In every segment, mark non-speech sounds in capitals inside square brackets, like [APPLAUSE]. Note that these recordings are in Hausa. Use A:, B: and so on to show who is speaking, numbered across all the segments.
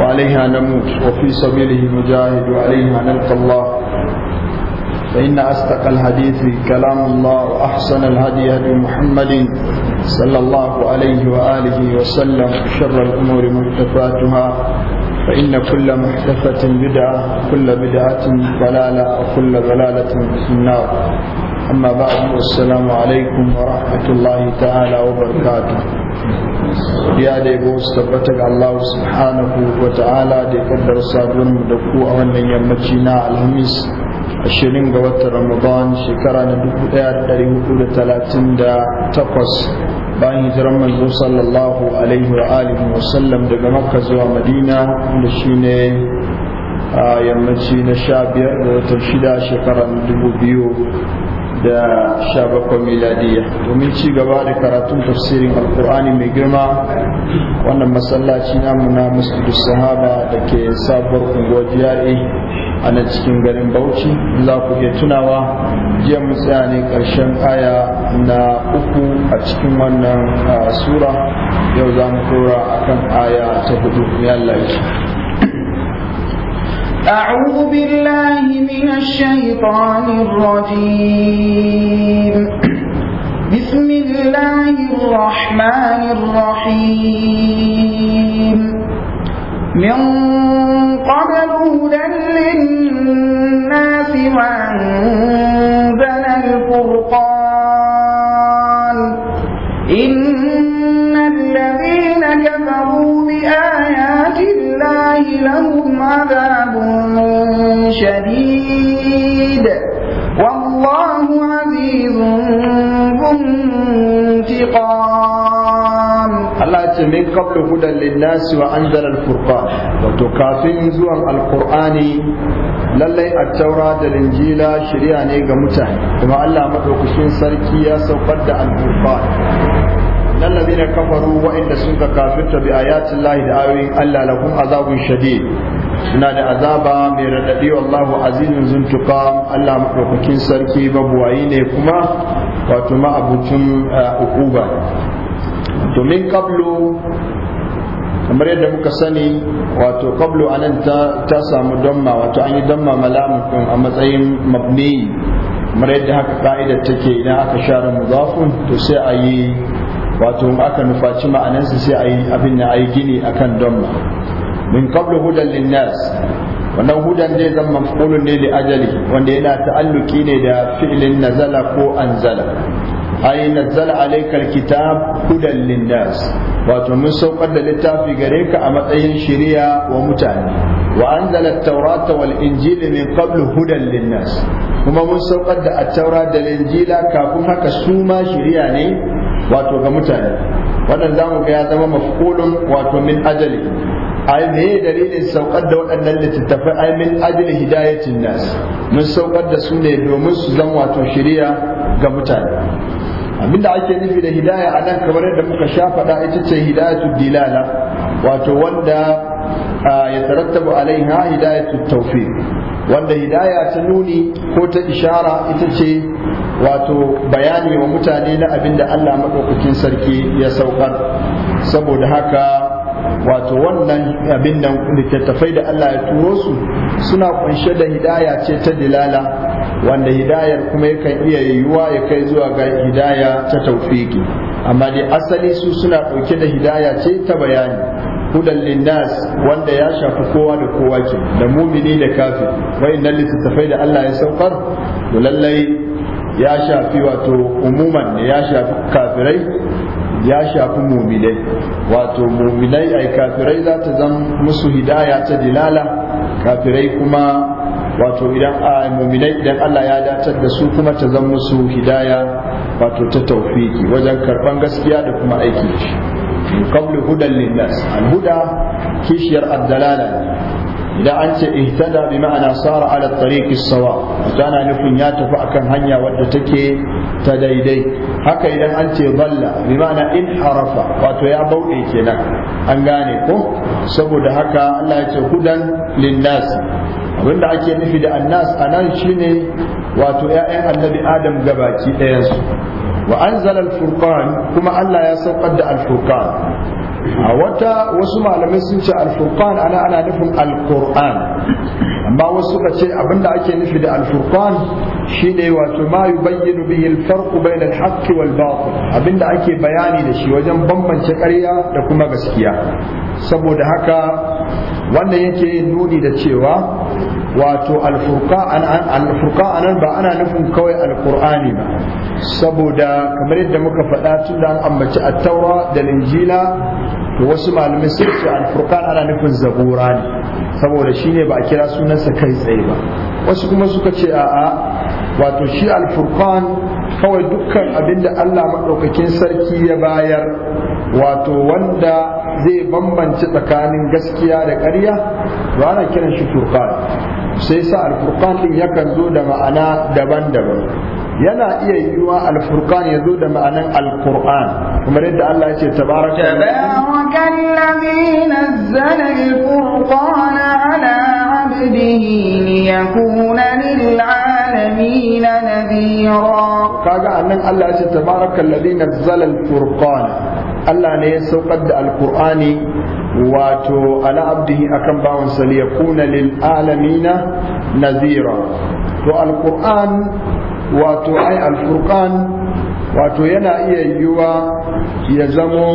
A: وعليها نموت وفي سبيله نجاهد وعليها نلقى الله فإن أصدق الحديث كلام الله وأحسن الهدي هدي محمد صلى الله عليه وآله وسلم شر الأمور محدثاتها فإن كل محدثة بدعة كل بدعة ضلالة وكل ضلالة في النار أما بعد السلام عليكم ورحمة الله تعالى وبركاته ya da yabo su tabbata ga Allah subhanahu wa ta'ala da ya kaddar sabon da ku a wannan yammaci na alhamis ashirin ga watan ramadan shekara na dubu ɗaya da ɗari hudu da talatin da takwas bayan hijiran manzo sallallahu alaihi wa alihi wa sallam daga makka zuwa madina da shine a yammaci na sha biyar da watan shida shekarar dubu biyu da shabakon miladiya domin ci gaba da karatun tafsirin alkur'ani mai girma wannan masallaci namu na musulun sahaba da ke sabuwar kungo jiyari a nan cikin garin bauchi za ku iya tunawa jiya mun tsaya ne karshen aya na uku a cikin wannan sura yau za mu a akan aya ta hudu ya Allah
B: أعوذ بالله من الشيطان الرجيم بسم الله الرحمن الرحيم من قبل هدى للناس وأنزل الفرقان إن الذين كفروا بآيات الله لهم عذاب شديد والله عزيز ذو انتقام
A: Allah ce min kabla hudan linnasi wa anzala al-furqan wato kafin zuwan alqur'ani lallai a taura da linjila shirya ne ga mutane kuma Allah madaukakin sarki ya saukar da al-furqan lallazina kafaru wa sun ka kafirta bi ayati Allah da ayoyin Allah lahum azabun shadid suna da azaba mai raɗaɗi allahu azizun zuntuka Allah maɗaukakin sarki babuwayi ne kuma wato ma'abucin uh, uquba min kablo kamar yadda muka sani wato kablo anan ta, ta samu damma wato an yi damma malamukun a matsayin mabni kamar yadda haka ka'idar take idan aka share mudafun to sai a yi wato aka nufaci ma'anansa sai a yi abin da a yi gini akan damma min qablu hudan linnas wannan hudan zai zama mafulun ne da ajali wanda yana ta'alluki ne da fi'ilin nazala ko anzala ai nazala alaikal kitab hudan linnas wato mun saukar da littafi gare ka a matsayin shari'a wa mutane wa anzala at-taurata wal injila min qablu hudan linnas kuma mun saukar da at-taura da injila kafin haka su ma shari'a ne wato ga mutane wannan zamu ga ya zama mafulun wato min ajali ai me dalilin saukar da waɗannan littattafai ai min ajli hidayatin nas mun saukar da su ne domin su zan wato shiriya ga mutane abinda ake nufi da hidaya a nan kamar yadda muka sha faɗa ita ce hidayatu dilala wato wanda ya tarattabu alaiha hidayatu taufi, wanda hidaya ta nuni ko ta ishara ita ce wato bayani wa mutane na abinda Allah maɗaukakin sarki ya saukar saboda haka wato wannan abin da littattafai da Allah ya turo su suna kunshe da hidaya ce ta dilala wanda hidayar kuma yakan iya yiwuwa ya kai zuwa ga hidaya ta taufiki amma dai asali su suna ɗauke da hidaya ce ta bayani hudan linnas wanda ya shafi kowa da kowa ke da mumini da kafir wayannan littattafai da Allah ya saukar to lallai ya shafi wato umuman ya shafi kafirai ya shafi muminai wato muminai ai kafirai za ta zan musu hidaya ta dilala kafirai kuma wato idan a muminai idan Allah ya datar da su kuma ta zan musu hidaya wato ta taufiki wajen karban gaskiya da kuma aiki min qablu hudan linnas al-huda kishiyar ad idan an ce ihtada bi ma'ana sara ala tariqi sawa tana nufin ya tafi akan hanya wadda take ta daidai haka idan an ce balla bi ma'ana in harafa wato ya bauɗe kenan an gane ko saboda haka Allah ya ce hudan linnas abinda ake nufi da annas anan shine wato ‘ya'yan annabi adam gabaki ɗayansu wa anzala al-furqan kuma Allah ya saukar da al-furqan a wata wasu malamai sun ce al-furqan ana ana nufin al-qur'an amma wasu suka ce abinda ake nufi da al-furqan shine wato ma yi bihi al-farq bai da haqq wal batil abinda ake bayani da shi wajen bambance ƙarya da kuma gaskiya saboda haka wannan yake yin nuni da cewa wato alfurka nan ba ana nufin kawai alkur'ani ba saboda kamar yadda muka faɗa tun da an ambaci attaura da linjila to wasu malamai sun ce alfurka ana nufin zabura ne saboda shine ba a kira sunansa kai tsaye ba wasu kuma suka ce a'a wato shi alfurkan kawai dukkan abinda Allah maɗaukakin sarki ya bayar wato wanda zai bambance tsakanin gaskiya da ƙarya ba ana kiran shi furkan sai sa alfurqan din yakan zo da ma'ana daban-daban yana iya yiwuwa alfurqan ya zo da ma'anan alqur'an kamar yadda Allah ya ce tabaraka alladhi
B: nazzala alfurqana ala abdihi liyakuna lil'alamin nadhira
A: kaga annan Allah ya tabaraka alladhi nazzala alfurqana Allah ne ya saukar da alkur'ani wato ala abdihi akan bawan sa li lil alamina nazira to alquran wato ai alfurqan wato yana iya yiwuwa ya zamo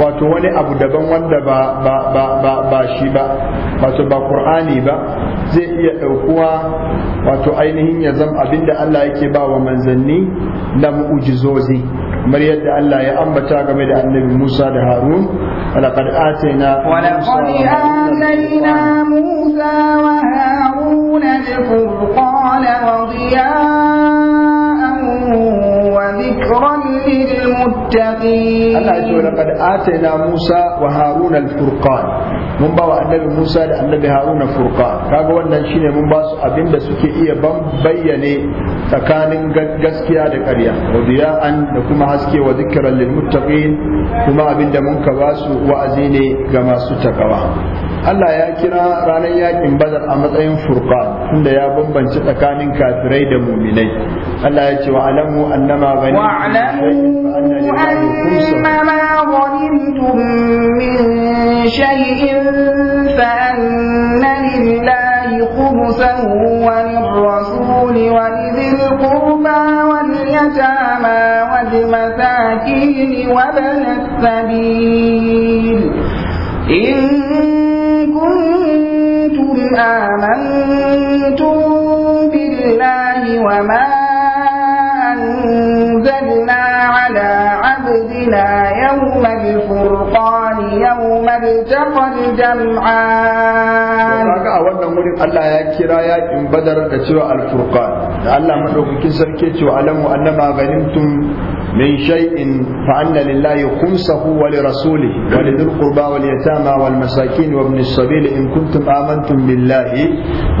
A: wato wani abu daban wanda ba ba ba ba ba shi ba wato ba qur'ani ba zai iya ɗaukuwa wato ainihin ya zama abinda Allah yake ba wa manzanni na mu'ujizozi kamar yadda Allah ya ambata game da annabi Musa da Harun walaqad atayna walaqad atayna
B: Musa wa Harun al-furqan wa diya'an wa dhikran
A: lil-muttaqin Allah ya ce walaqad atayna Musa wa Harun al-furqan mun ba wa annabi Musa da annabi Haruna furqa kaga wannan shine mun ba su abinda suke iya ban bayyane tsakanin gaskiya da ƙarya wadiya'an da kuma haske wa zikran lil muttaqin kuma abinda mun ka ba su wa'azi ne ga masu takawa Allah ya kira ranar yakin Badar a matsayin furqa tunda ya bambanci tsakanin kafirai da muminai Allah ya ce wa alamu annama bani wa alamu
B: annama ghanimtum min شيء فأن لله خبثه وللرسول ولذي القربى واليتامى والمساكين وابن السبيل إن كنتم آمنتم بالله وما أنزلنا على عبدنا يوم بالفرقان يوم التقى الجمعان kaga
A: a wannan wurin Allah ya kira yakin badar da cewa al-furqan da Allah madaukakin sarki cewa alamu annama ganimtum min shay'in fa anna lillahi khumsahu wa li rasulihi wa li dhil qurba wal yatama wal masakin wa ibn as-sabil in kuntum amantum billahi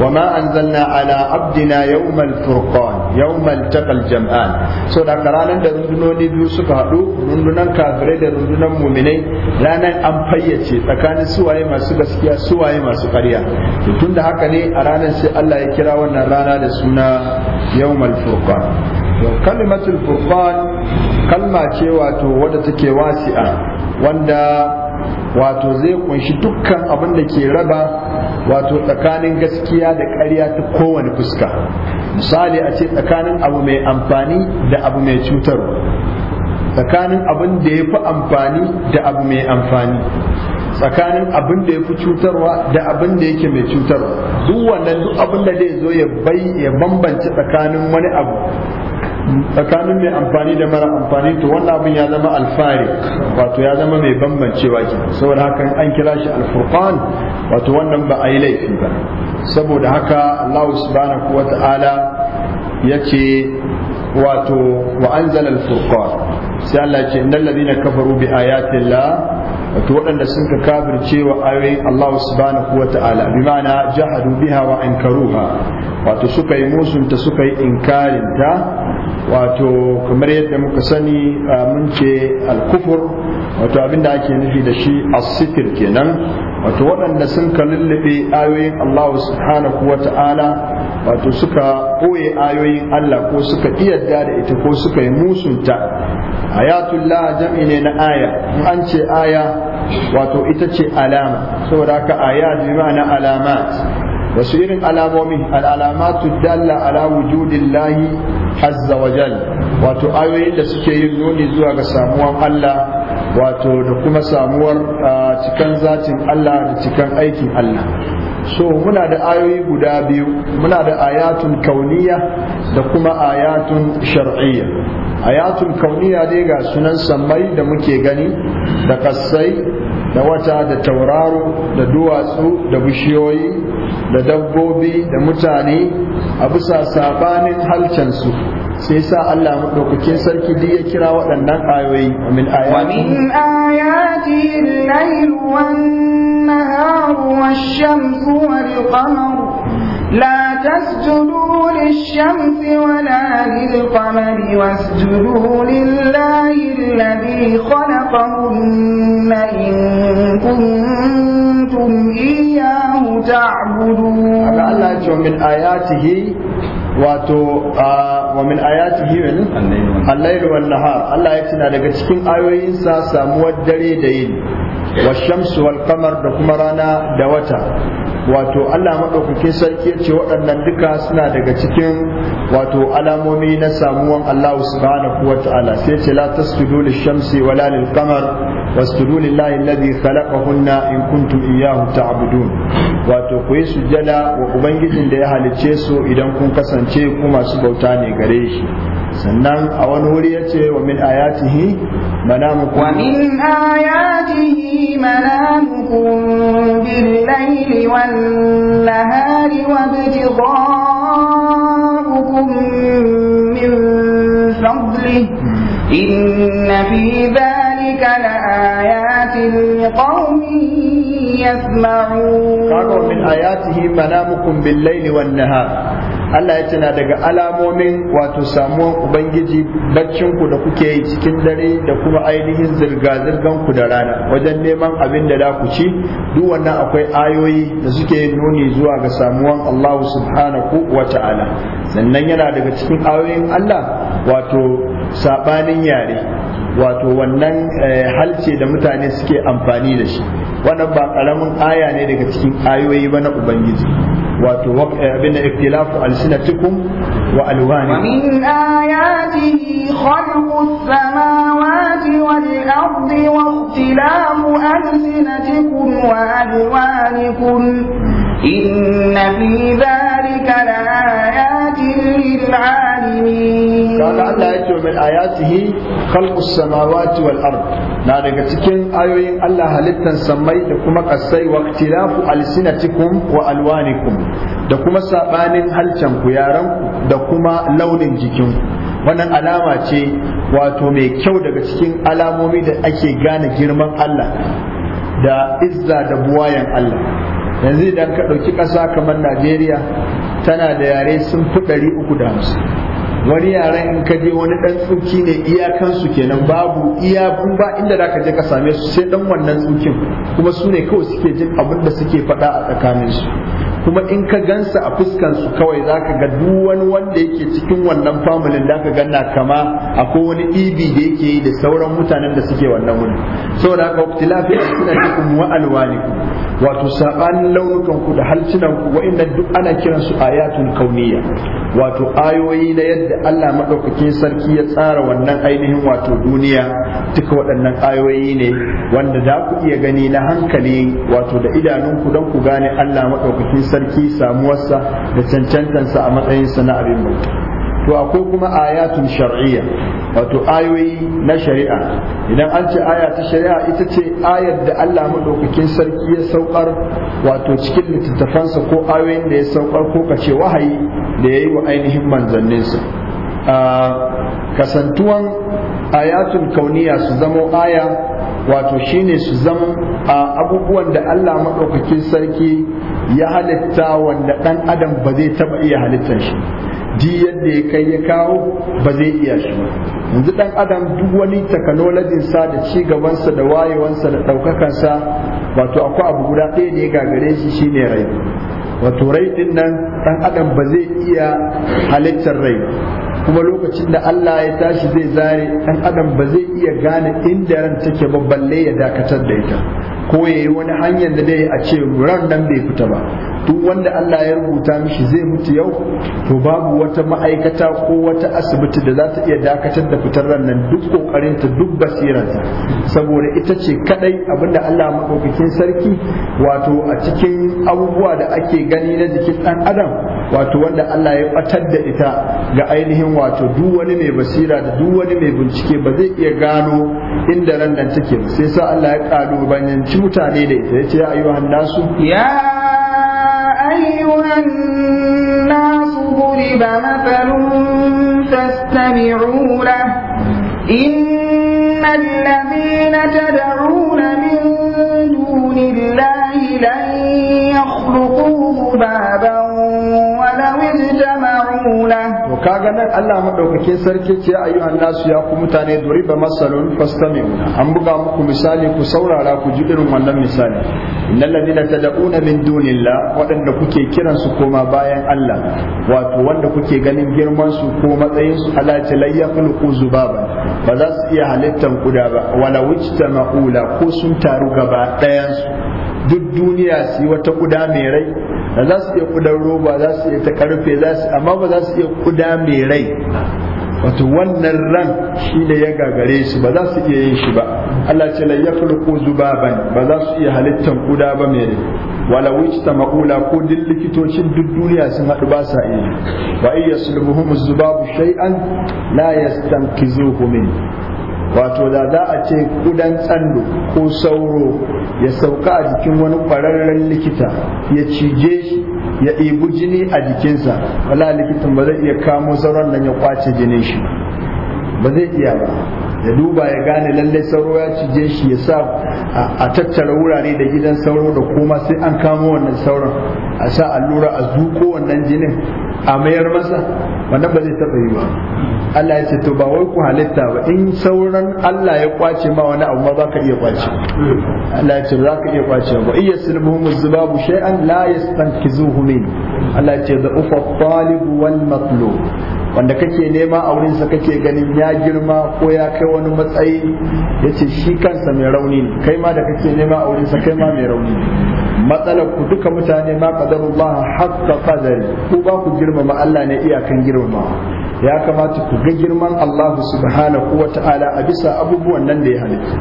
A: wa ma anzalna ala abdina yawm al-furqan yawm taqal jam'an so da karanan da rundunoni biyu suka hadu rundunan kafirai da rundunan muminai ranar an fayyace tsakanin suwaye masu gaskiya suwaye masu ƙarya to tunda haka ne a ranar sai Allah ya kira wannan rana da suna yawmal furqan to kalimatul furqan kalma ce wato wadda take wasi'a wanda wato zai kunshi dukkan abin da ke raba wato tsakanin gaskiya da ƙarya ta kowane fuska misali a ce tsakanin abu mai amfani da abu mai cutarwa tsakanin abin da ya fi amfani da abu mai amfani tsakanin abin da ya fi cutarwa da abin da yake mai cutarwa duk wannan duk abin da zai zo ya bai ya bambance tsakanin wani abu tsakanin mai amfani da mara amfani to wannan abin ya zama alfari wato ya zama mai bambancewa ke saboda haka an kira shi alfurqan wato wannan ba a yi laifi ba saboda haka Allah subhanahu wata'ala ya ce wato wa anzala alfurqan sai Allah ce innal ladina kafaru bi ayatillah wato waɗanda sun ka kafirce wa ayoyin Allah subhanahu wa ta'ala bi ma'ana jahadu biha wa inkaruha wato suka yi musunta suka yi inkarinta wato kamar yadda muka sani mun ce kufur wato abinda ake nufi da shi as-sitr kenan wato waɗanda sun ka lullube ayoyin Allah subhanahu wa ta'ala wato suka ɓoye ayoyin Allah ko suka iyadda da ita ko suka yi musunta ayatullah jam'i ne na aya in an ce aya wato ita ce alama saboda haka aya bi ma'ana alamat wasu irin alamomi al'alamatu dalla ala wujudillahi azza wa jal wato ayoyin da suke yin nuni zuwa ga samuwar Allah wato da kuma samuwar cikan zatin Allah da cikan aikin Allah so muna da ayoyi guda biyu muna da ayatun kauniya da kuma ayatun shar'iyya ayatun kauniya dai ga sunan sammai da muke gani da kassai da wata da tauraro da duwatsu da bishiyoyi da dabbobi da mutane a bisa sabanin halcansu sai sa Allah madaukakin sarki duk ya kira waɗannan ayoyi min
B: ayati al-layl wan-nahar wash shamsi wal-qamar la tasjudu lish-shamsi wala lil-qamari wasjudu lillahi alladhi khalaqahunna in kuntum تعبدون هذا الله يجوا
A: من آياته wato wa min ayatihi al-layl wan nahar Allah ya tuna daga cikin ayoyinsa samuwar dare da yini wa shamsu wal qamar da kuma rana da wata wato Allah madaukakin sarki ya ce waɗannan duka suna daga cikin wato alamomi na samuwan Allah subhanahu wa ta'ala sai ce la tasjudu lish-shamsi wala lil-qamar wasjudu lillahi alladhi khalaqahunna in kuntum iyyahu ta'budun wato ku yi sujjada wa ubangijin da ya halicce su idan kun kasance ku masu bauta ne gare shi sannan a wani wuri yace wa min ayatihi manamukum wa min
B: ayatihi manamukum bil-laili wan-nahari wa
A: إن في
B: ذلك لآيات لقوم يسمعون
A: قالوا من آياته منامكم بالليل والنهار Allah ya ce na daga alamomin wato samuwan Ubangiji baccinku da kuke yi cikin dare da kuma ainihin zirga-zirgan ku da rana wajen neman abin da da ku ci duk wannan akwai ayoyi da suke nuni zuwa ga samuwan Allah subhanahu wa ta'ala sannan yana daga cikin ayoyin Allah wato sabanin yare wato wannan eh, halce da mutane suke amfani da shi wannan ba karamin aya ne daga cikin ayoyi ba na ubangiji wato eh, abin da ikhtilafu alsinatikum wa alwani min
B: ayati khalqu samawati wal ardi wa ikhtilafu alsinatikum wa alwanikum inna fi dhalika la ayatin lil alamin
A: haka Allah ya ce min ayatihi khalqus samawati wal ard na daga cikin ayoyin Allah halittan samai da kuma kasai wa ikhtilafu alsinatikum wa alwanikum da kuma sabanin halcan ku yaran ku da kuma launin jikin wannan alama ce wato mai kyau daga cikin alamomi da ake gane girman Allah da izza da buwayan Allah yanzu idan ka ɗauki ƙasa kamar Najeriya tana da yare sun fi ɗari uku da hamsin wani yaren in ka je wani dan tsuki ne iyakansu kenan babu iya ba inda zaka ka je ka same su sai dan wannan tsukin kuma su ne kawai suke jin abin da suke faɗa a tsakaninsu kuma in ka gansa a fuskan su kawai zaka ga duk wani wanda yake cikin wannan familin ka ganna kama akwai wani ibi da yake yi da sauran mutanen da suke wannan wuri saboda haka ikhtilafi cikin wa alwaliku. wato sabanin launukan ku da halcinan ku wa'annan duk ana kiran su ayatul kauniya. wato ayoyi na yadda Allah madaukakin sarki ya tsara wannan ainihin wato duniya duka waɗannan ayoyi ne wanda za ku iya gani na hankali wato da idanunku don ku gane Allah madaukakin sarki samuwarsa da cancantansa a matsayinsa na abin bauta to akwai kuma ayatun shar'iyya wato ayoyi na shari'a idan an ce aya ta shari'a ita ce ayar da Allah madaukakin sarki ya saukar wato cikin littattafansa ko ayoyin da ya saukar ko kace wahayi da ya yi wa ainihin manzanninsa kasantuwan ayatun kauniya su zamo aya wato shine su zama abubuwan da Allah maɗaukakin sarki ya halitta wanda ɗan adam ba zai taɓa iya halittar shi di yadda ya kai ya kawo ba zai iya shi yanzu ɗan adam duk wani sa da ci gabansa da wayewansa da ɗaukakansa wato akwai abu guda ɗaya da ya gagare shi shine rai wato rai ɗin nan ɗan adam ba zai iya halittar rai kuma lokacin da Allah ya tashi zai zare ɗan adam ba zai iya gane inda ran take ba balle ya dakatar da ita ko ya yi wani hanyar da dai a ce ran nan bai fita ba duk wanda Allah ya rubuta mishi zai mutu yau to babu wata ma'aikata ko wata asibiti da za ta iya dakatar da fitar ran nan duk kokarin ta duk basiranta saboda ita ce kadai abinda Allah maɗaukakin sarki wato a cikin abubuwa da ake gani na jikin ɗan adam wato wanda Allah ya batar da ita ga ainihin wato duk wani mai basira da duk wani mai bincike ba zai iya gano inda ran nan take ba sai sa Allah ya ci mutane da ita yace ya ayyuhan nasu ya
B: ayyuhan nasu duriba mathalun fastami'u lahu إن الذين تدعون من دون الله لن يخلقوا ذبابا mula
A: to kaga nan Allah madaukake sarki ce ayu annasu ya ku mutane duri ba masalun fastamiu an buga muku misali ku saurara ku ji irin wannan misali innal ladina tad'una min dunillah wadanda kuke kiran su koma bayan Allah wato wanda kuke ganin girman su ko matsayin su ala ta layya zubaba ba za su iya halittar kuda ba wala wujta maula ko sun taru gaba dayan su duk duniya su wata kuda mai rai da za su iya kudan roba za su iya ta karfe za su amma ba za su iya kuda mai rai wato wannan ran shi ne ya gagare su ba za su iya yin shi ba Allah ce la yakhluqu zubaban ba za su iya halittar kuda ba mai rai wala ta makula ko duk likitocin duk duniya sun hadu ba sa iya wa iyasluhum zubabu shay'an la yastankizuhu min wato da za a ce kudan tsando ko sauro ya sauka a jikin wani kwararren likita ya cije shi ya ibu jini a jikinsa wala likitan ba zai iya kamo sauron nan ya kwace jinin shi ba zai iya ba ya duba ya gane lallai sauro ya cije shi ya sa a tattara wurare da gidan sauro da kuma sai an kamo wannan sauron a sa allura a zuko wannan jinin a mayar masa wannan ba zai taɓa yi ba Allah ya ce to ba wai ku halitta ba in sauran Allah ya kwace ma wani abu ma za ka iya kwace Allah ya ce za ka iya kwace ba iya sulmuhum zubabu shay'an la yastankizuhu min Allah ya ce da ufa talib wal matlub wanda kake nema a wurinsa kake ganin ya girma ko ya kai wani matsayi yace shi kansa mai rauni kai ma da kake nema a wurinsa kai ma mai rauni matsalar ku duka mutane ma qadarullah haqqa qadari ku ba ku girmama Allah ne iyakan girmama ya kamata ku ga girman Allah subhanahu wa ta'ala a bisa abubuwan nan da ya halitta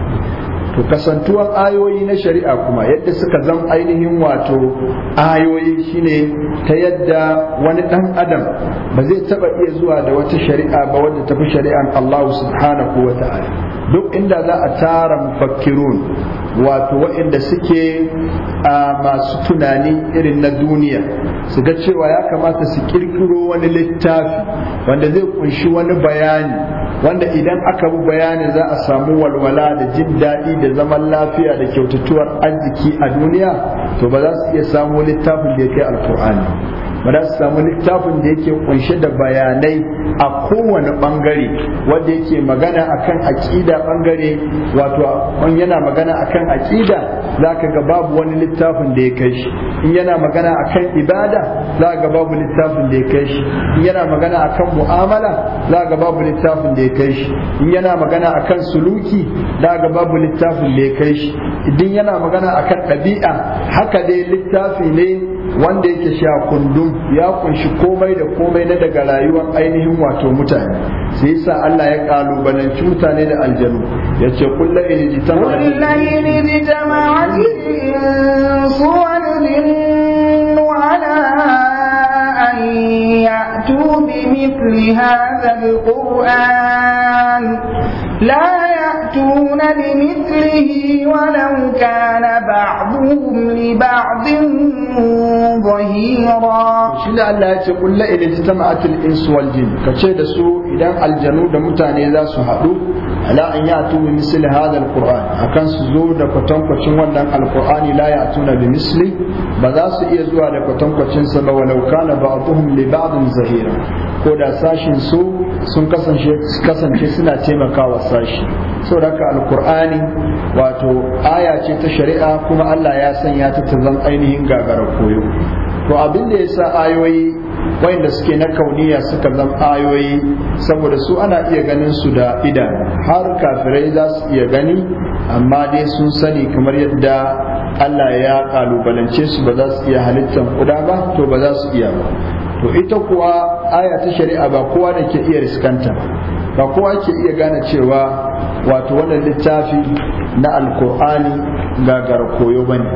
A: to kasantuwar ayoyi na shari'a kuma yadda suka zan ainihin wato ayoyi shine ta yadda wani dan adam ba zai taba iya zuwa da wata shari'a ba wadda tafi shari'an Allah subhanahu wa ta'ala duk inda za a tara mufakkirun wato wa'inda suke a masu tunani irin na duniya su ga cewa ya kamata su kirkiro wani littafi wanda zai kunshi wani bayani wanda idan aka bi bayani za a samu walwala da jin daɗi da zaman lafiya da kyautatuwar arziki a duniya to ba za su iya samu littafin da ya kai alkur'ani ba za su samu littafin da yake kunshe da bayanai a kowane bangare wanda yake magana akan aƙida bangare wato in yana magana akan aƙida za ga babu wani littafin da ya kai shi in yana magana akan ibada za ga babu littafin da ya kai shi in yana magana akan mu'amala za ga babu littafin da ya kai shi in yana magana akan suluki za ga babu littafin da ya kai shi idan yana magana akan ɗabi'a haka dai littafi ne wanda yake sha kundum ya kunshi komai da komai na daga rayuwar ainihin wato mutane sai sa Allah ya kalubalanci mutane da aljanu ya ce kullum in ji ta
B: ala بمثل هذا القرآن لا يأتون بمثله ولو كان بعضهم لبعض ظهيرا
A: شين الله يقول لا إذا اجتمعت الإنس والجن كتشي دسو إذا الجنود متاني ذا سهدو ala an yatu bi misli hada alquran akan su zo da kwatankwacin wannan alqurani la na bi misli ba za su iya zuwa da kwatankwacin sa ba walau kana ba'dhum li ba'dhin zahira ko da sashin su sun kasance kasance suna taimakawa sashi saboda haka alqurani wato aya ce ta shari'a kuma Allah ya sanya ta ta zan ainihin gagara koyo to abin da ya sa ayoyi da suke na kauniya suka zama ayoyi saboda su ana iya ganin su da idan har kafirai za su iya gani amma dai sun sani kamar yadda Allah ya kalubalance su ba za su iya halittar kuda ba to ba za su iya ba to ita kuwa aya ta shari'a ba kowa da ke iya riskanta ba kowa ke iya gane cewa wato wannan littafi na alkur'ani gagara koyo bane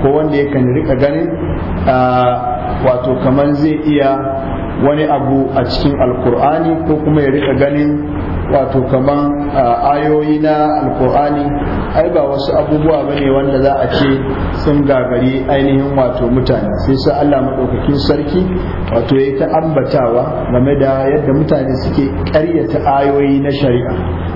A: ko wanda ya kan rika ganin wato kamar zai iya wani abu a cikin alkur'ani ko kuma ya rika ganin wato kamar ayoyi na alkur'ani ai ba wasu abubuwa ba ne wanda za a ce sun gagari ainihin wato mutane sai sa Allah maɗaukakin sarki wato ya ta ambatawa game da yadda mutane suke ƙaryata ayoyi na shari'a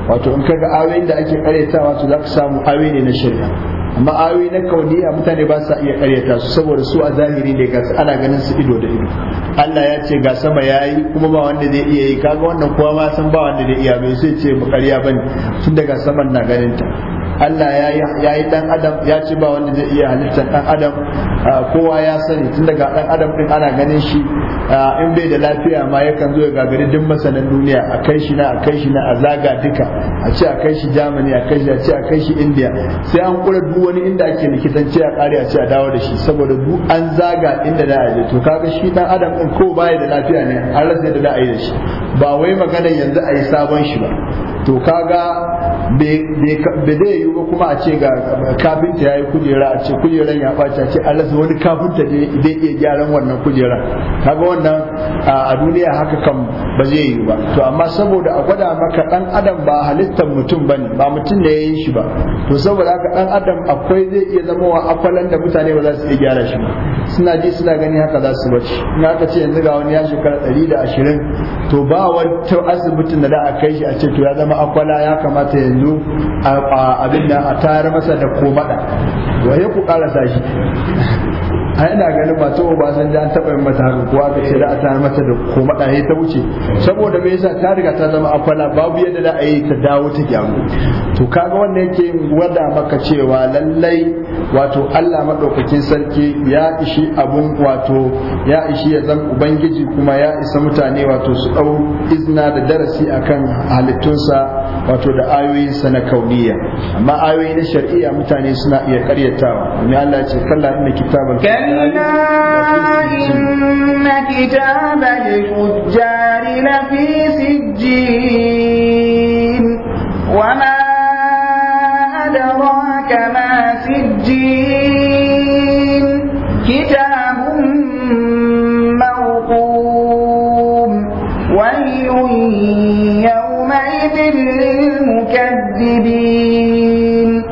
A: wato in kaga ayoyin da ake ƙaryatawa to za ka samu ayoyi ne na shari'a amma ayoyi na a mutane ba sa iya karyata su saboda su a zahiri ne ga ana ganin su ido da ido Allah ya ce ga sama yayi kuma ba wanda zai iya yi kaga wannan kowa ma san ba wanda zai iya bai sai ce mu karya bane tun daga saman na ganin ta Allah ya yi dan adam ya ci ba wanda zai iya halittar dan adam ah, kowa ya sani tun daga dan adam ɗin ana ganin shi ah, in bai da lafiya ma yakan zo ya gagari duk masanan duniya a kai shi na a kai shi na a zaga duka a ce a kai shi Germany a kai shi a ce a kai shi India sai an kura duk wani inda ake likitanci a kare a ce a dawo da shi saboda duk an zaga inda da a je to kaga shi dan adam din ko baya da lafiya ne an rasa da da a yi da shi ba wai magana yanzu a yi sabon shi ba to kaga bai zai yi kuma a ce ga kafinta ya yi kujera a ce kujeran ya ɓace ce alas wani kafinta zai iya gyaran wannan kujera kaga wannan a duniya haka kan ba zai yi ba to amma saboda a gwada maka dan adam ba halittar mutum ba ne ba mutum ne ya yi shi ba to saboda haka dan adam akwai zai iya zama wa akwalan da mutane ba za su iya gyara shi ba suna ji suna gani haka za su bace in aka ce yanzu ga wani ya shekara ɗari da ashirin to ba ta asibitin da za a kai shi a ce to ya zama akwala ya kamata ya yanzu abin da a tare masa da ko komada waye ku karasa shi a [LAUGHS] ina ganin ba tsohon ba san an taɓa yin mata haka kuwa ce da a tare masa da komada ne ta wuce saboda me yasa ta riga ta zama akwala babu yadda da a yi ta dawo ta gyaru to kaga wannan yake wada maka cewa lallai wato Allah maɗaukakin sarki ya ishi abun wato ya ishi ya zan ubangiji kuma ya isa mutane wato su ɗau izina da darasi akan halittunsa wato da ayoyin sa na kauniya amma ayoyi na shar'iyya mutane suna iya karyatawa domin Allah ya ce kalla inna kitabal kalla
B: inna kitabal sijjin wa ma adraka ma sijjin المكذبين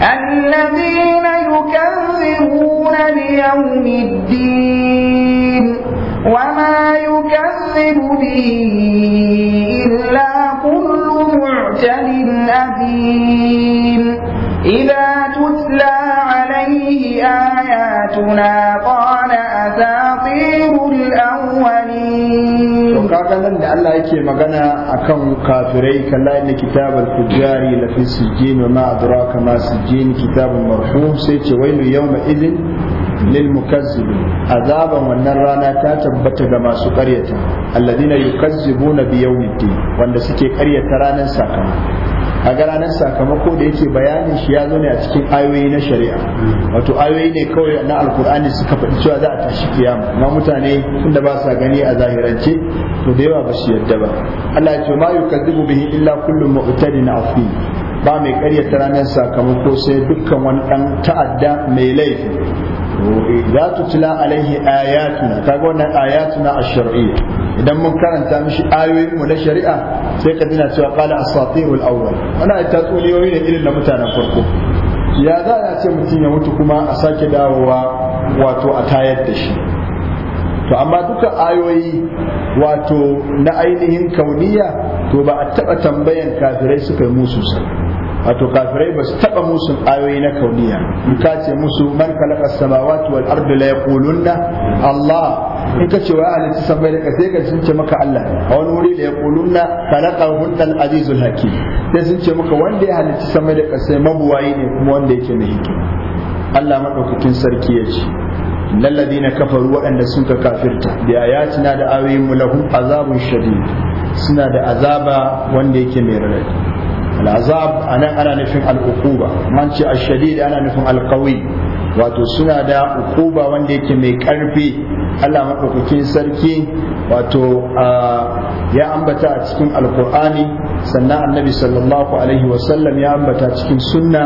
B: الذين يكذبون بيوم الدين وما يكذب به إلا كل معتد أثيم إذا تتلى عليه آياتنا
A: waɗannan da Allah yake magana akan kafirai kalla na kitabal kujari la fi sijjin wa ma adraka ma kitabun marhum sai ce wailu yawma idin lil mukazzibin azaban wannan rana ta tabbata ga masu ƙaryata alladina yukazzibuna bi yawmiddin wanda suke ƙaryata ranar sakamako a ga ranar sakamako da yake bayanin shi ya zo ne a cikin ayoyi na shari'a wato ayoyi ne kawai na alkur'ani suka faɗi cewa za a tashi kiyama amma mutane inda ba sa gani a zahirance to da yawa ba su yadda ba Allah ya ce ma yukadzibu bihi illa kullu na afi ba mai karyata ranar sakamako sai dukkan wani ɗan ta'adda mai laifi za tutla alaihi ayatuna kaga wannan ayatuna a shariyya idan mun karanta mishi ayoyin mu na shari'a sai ka dina cewa qala asatirul awwal wannan ta tatsuniyoyi ne irin na mutanen farko ya za a ce mutum ya mutu kuma a sake dawowa wato a tayar da shi to amma duka ayoyi wato na ainihin kauniya to ba a taɓa tambayan kafirai suka yi musu sai wato kafirai ba su taba musu ayoyi na kauniya in ka ce musu man khalaqa samawati wal ardi la yaquluna Allah in ka ce wa ahli sabai da sai ka sun ce maka Allah a wani wuri la yaquluna khalaqa hundan azizul hakim sai sun ce maka wanda ya halicci sabai da kasai mabuwayi ne kuma wanda yake mai hikima Allah madaukakin sarki ya ce lalladina kafaru waɗanda sun ka kafirta da ayatina da ayoyin mu lahum azabun shadid suna da azaba wanda yake mai radadi al'azab a nan ana nufin al'uquba man ce ashadid ana nufin alqawi wato suna da ukuba wanda yake mai karfi Allah maɗaukakin sarki wato ya ambata a cikin alkur'ani sannan annabi sallallahu alaihi wasallam ya ambata cikin sunna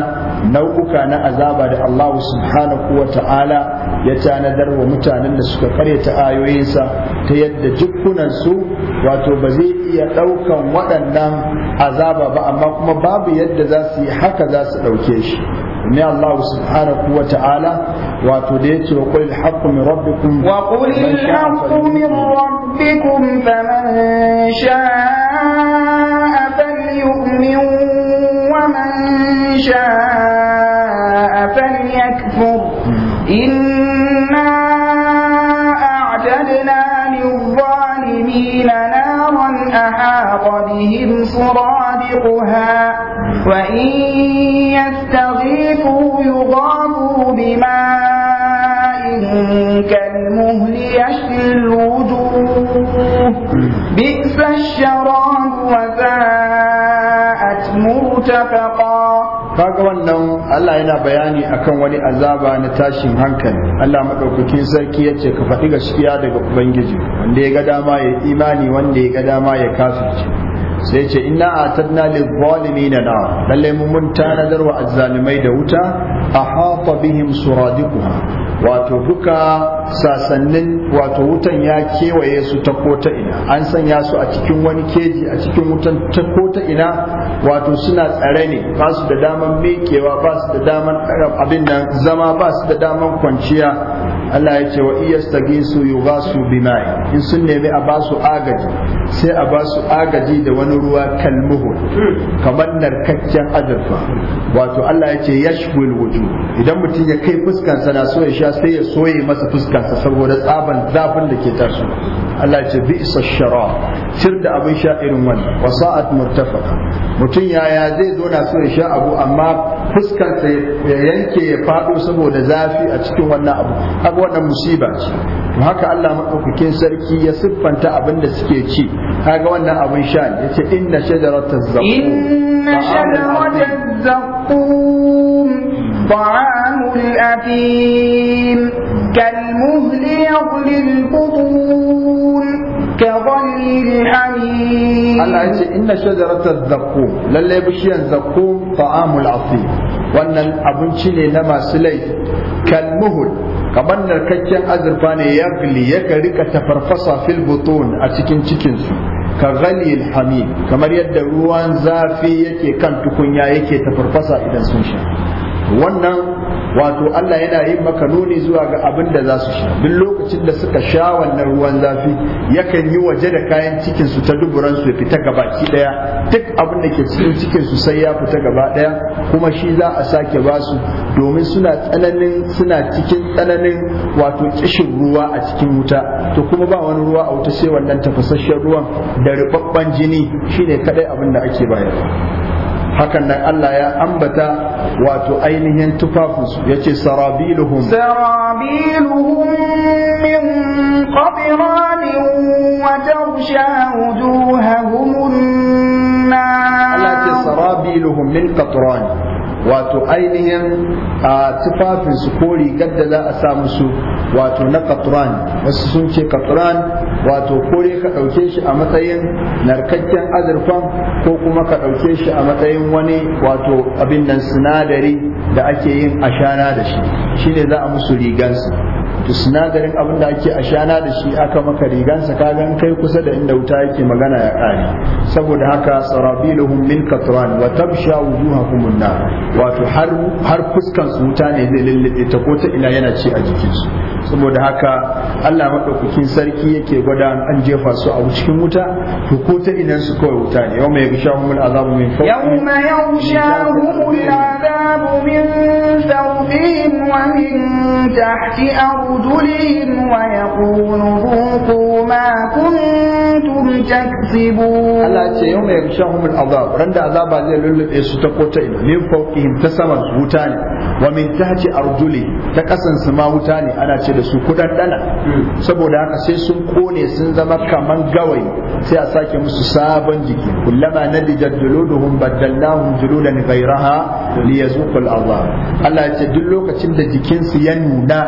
A: nau'uka na azaba da Allah subhanahu wa ta'ala ya tanadar wa mutanen da suka karyata ayoyinsa ta yadda jukkunansu wato ba zai iya ɗaukan waɗannan azaba ba amma kuma babu yadda za su yi haka za su ɗauke shi ne Allah subhanahu wa ta'ala wato da yake wa qul haqqu min rabbikum wa qul haqqu
B: min rabbikum faman sha'a ومن شاء فليكفر إنا أعددنا للظالمين نارا أحاط بهم صرادقها وإن يستغيثوا يغاثوا بماء كالمهل يشفي الوجوه بئس الشراب وزاد Ka
A: kaga wannan Allah yana bayani akan wani azaba na tashin hankali Allah madaukakin sarki yace ka faɗi gaskiya daga ubangiji wanda ya ga dama ya imani wanda ya ga dama ya kafirce sai ce inna atadna zalimina na lalle mun mun tanadar wa azzalimai da wuta ahata bihim suradiquha wato duka sasannin wato wutan ya kewaye su ta ko ta ina an sanya su a cikin wani keji a cikin wutan ta ko ta ina wato suna tsare ne ba su da daman mekewa ba su da daman abin nan zama ba su da daman kwanciya Allah ya ce wa iya su yi ba su bimai in sun nemi a ba su agaji sai a ba su agaji da wani ruwa kalmuhu kamar narkakken azurfa wato Allah ya ce yashwil wuju idan mutum ya kai fuskansa na so ya sha wuta sai ya soye masa fuskarsa saboda tsaban zafin da ke taso Allah ce bi isa shara sir da abin sha irin wani, wa sa'at mutum yaya zai zo na so ya sha abu amma fuskarsa ya yanke ya fado saboda zafi a cikin wannan abu haka wannan musiba ce to haka Allah madaukakin sarki ya siffanta abin da suke ci kaga wannan abin sha ne yace inna shajaratuz zaqum inna
B: shajaratuz zaqum طعام الأثيم كالمهل يغلي البطون كظل الحميم الله يقول
A: إن شجرة الزقوم للي بشي الزقوم طعام العصيم وأن أبنشيني نما سليف كالمهل kamar narkakken azurfa ne ya gali ya rika tafarfasa fil butun a cikin cikinsu ka ghalil hamim kamar yadda ruwan zafi yake kan tukunya yake tafarfasa idan sun sha wannan wato Allah yana yin maka nuni zuwa ga abin da za su sha duk lokacin da suka sha wannan ruwan zafi yakan yi waje da kayan cikin su ta duburan su fita gaba ki daya duk abin da ke cikin cikin su sai ya fita gaba daya kuma shi za a sake ba su domin suna tsananin suna cikin tsananin wato kishin ruwa a cikin wuta to kuma ba wani ruwa a wuta sai wannan tafasasshen ruwan da rubabban jini shine kadai abin da ake bayarwa hakan nan Allah ya ambata wato ainihin tufafinsu ya ce sarabiluhum
B: sarabiluhum min qatranin wa tarsha wujuhahum Allah ce
A: sarabiluhum min qatranin wato ainihin a tufafin su ko rigar da za a sa musu wato na katran wasu sun ce katran wato kore ka ɗauke shi a matsayin narkakken azurfan ko kuma ka ɗauke shi a matsayin wani wato abin nan sinadari da ake yin ashana da shi shine za a musu rigansu to sinadarin abin da ake ashana da shi aka maka rigansa ka gan kai kusa da inda wuta yake magana ya kare saboda haka sarabiluhum min katran wa tabsha wujuhakum nar wato har har fuskan su wuta ne zai lullube ta ko ta ina yana ci a jikinsu saboda haka Allah maɗaukakin sarki yake gwada an jefa su a cikin wuta to ko ta idan su kawai wuta ne Yau yawma yaghshahumul azabu min fawqihim yawma yaghshahumul
B: azabu min fawqihim wa min tahti arjulihim wa yaqulu dhuqu ma kuntum taksibun Allah ce yawma
A: yaghshahumul azab randa azaba zai lullube su ta ko ta ina min fawqihim ta saman wuta ne wa min tahti arjuli ta kasan su ma wuta ne ana ce da su kudaddana hmm. saboda haka sai sun kone sun zama kaman gawayi sai a sake musu sabon jiki kullama nadijat juluduhum baddalnahum juludan ghayraha liyazuqul azab Allah ya ce duk lokacin da jikinsu ya nuna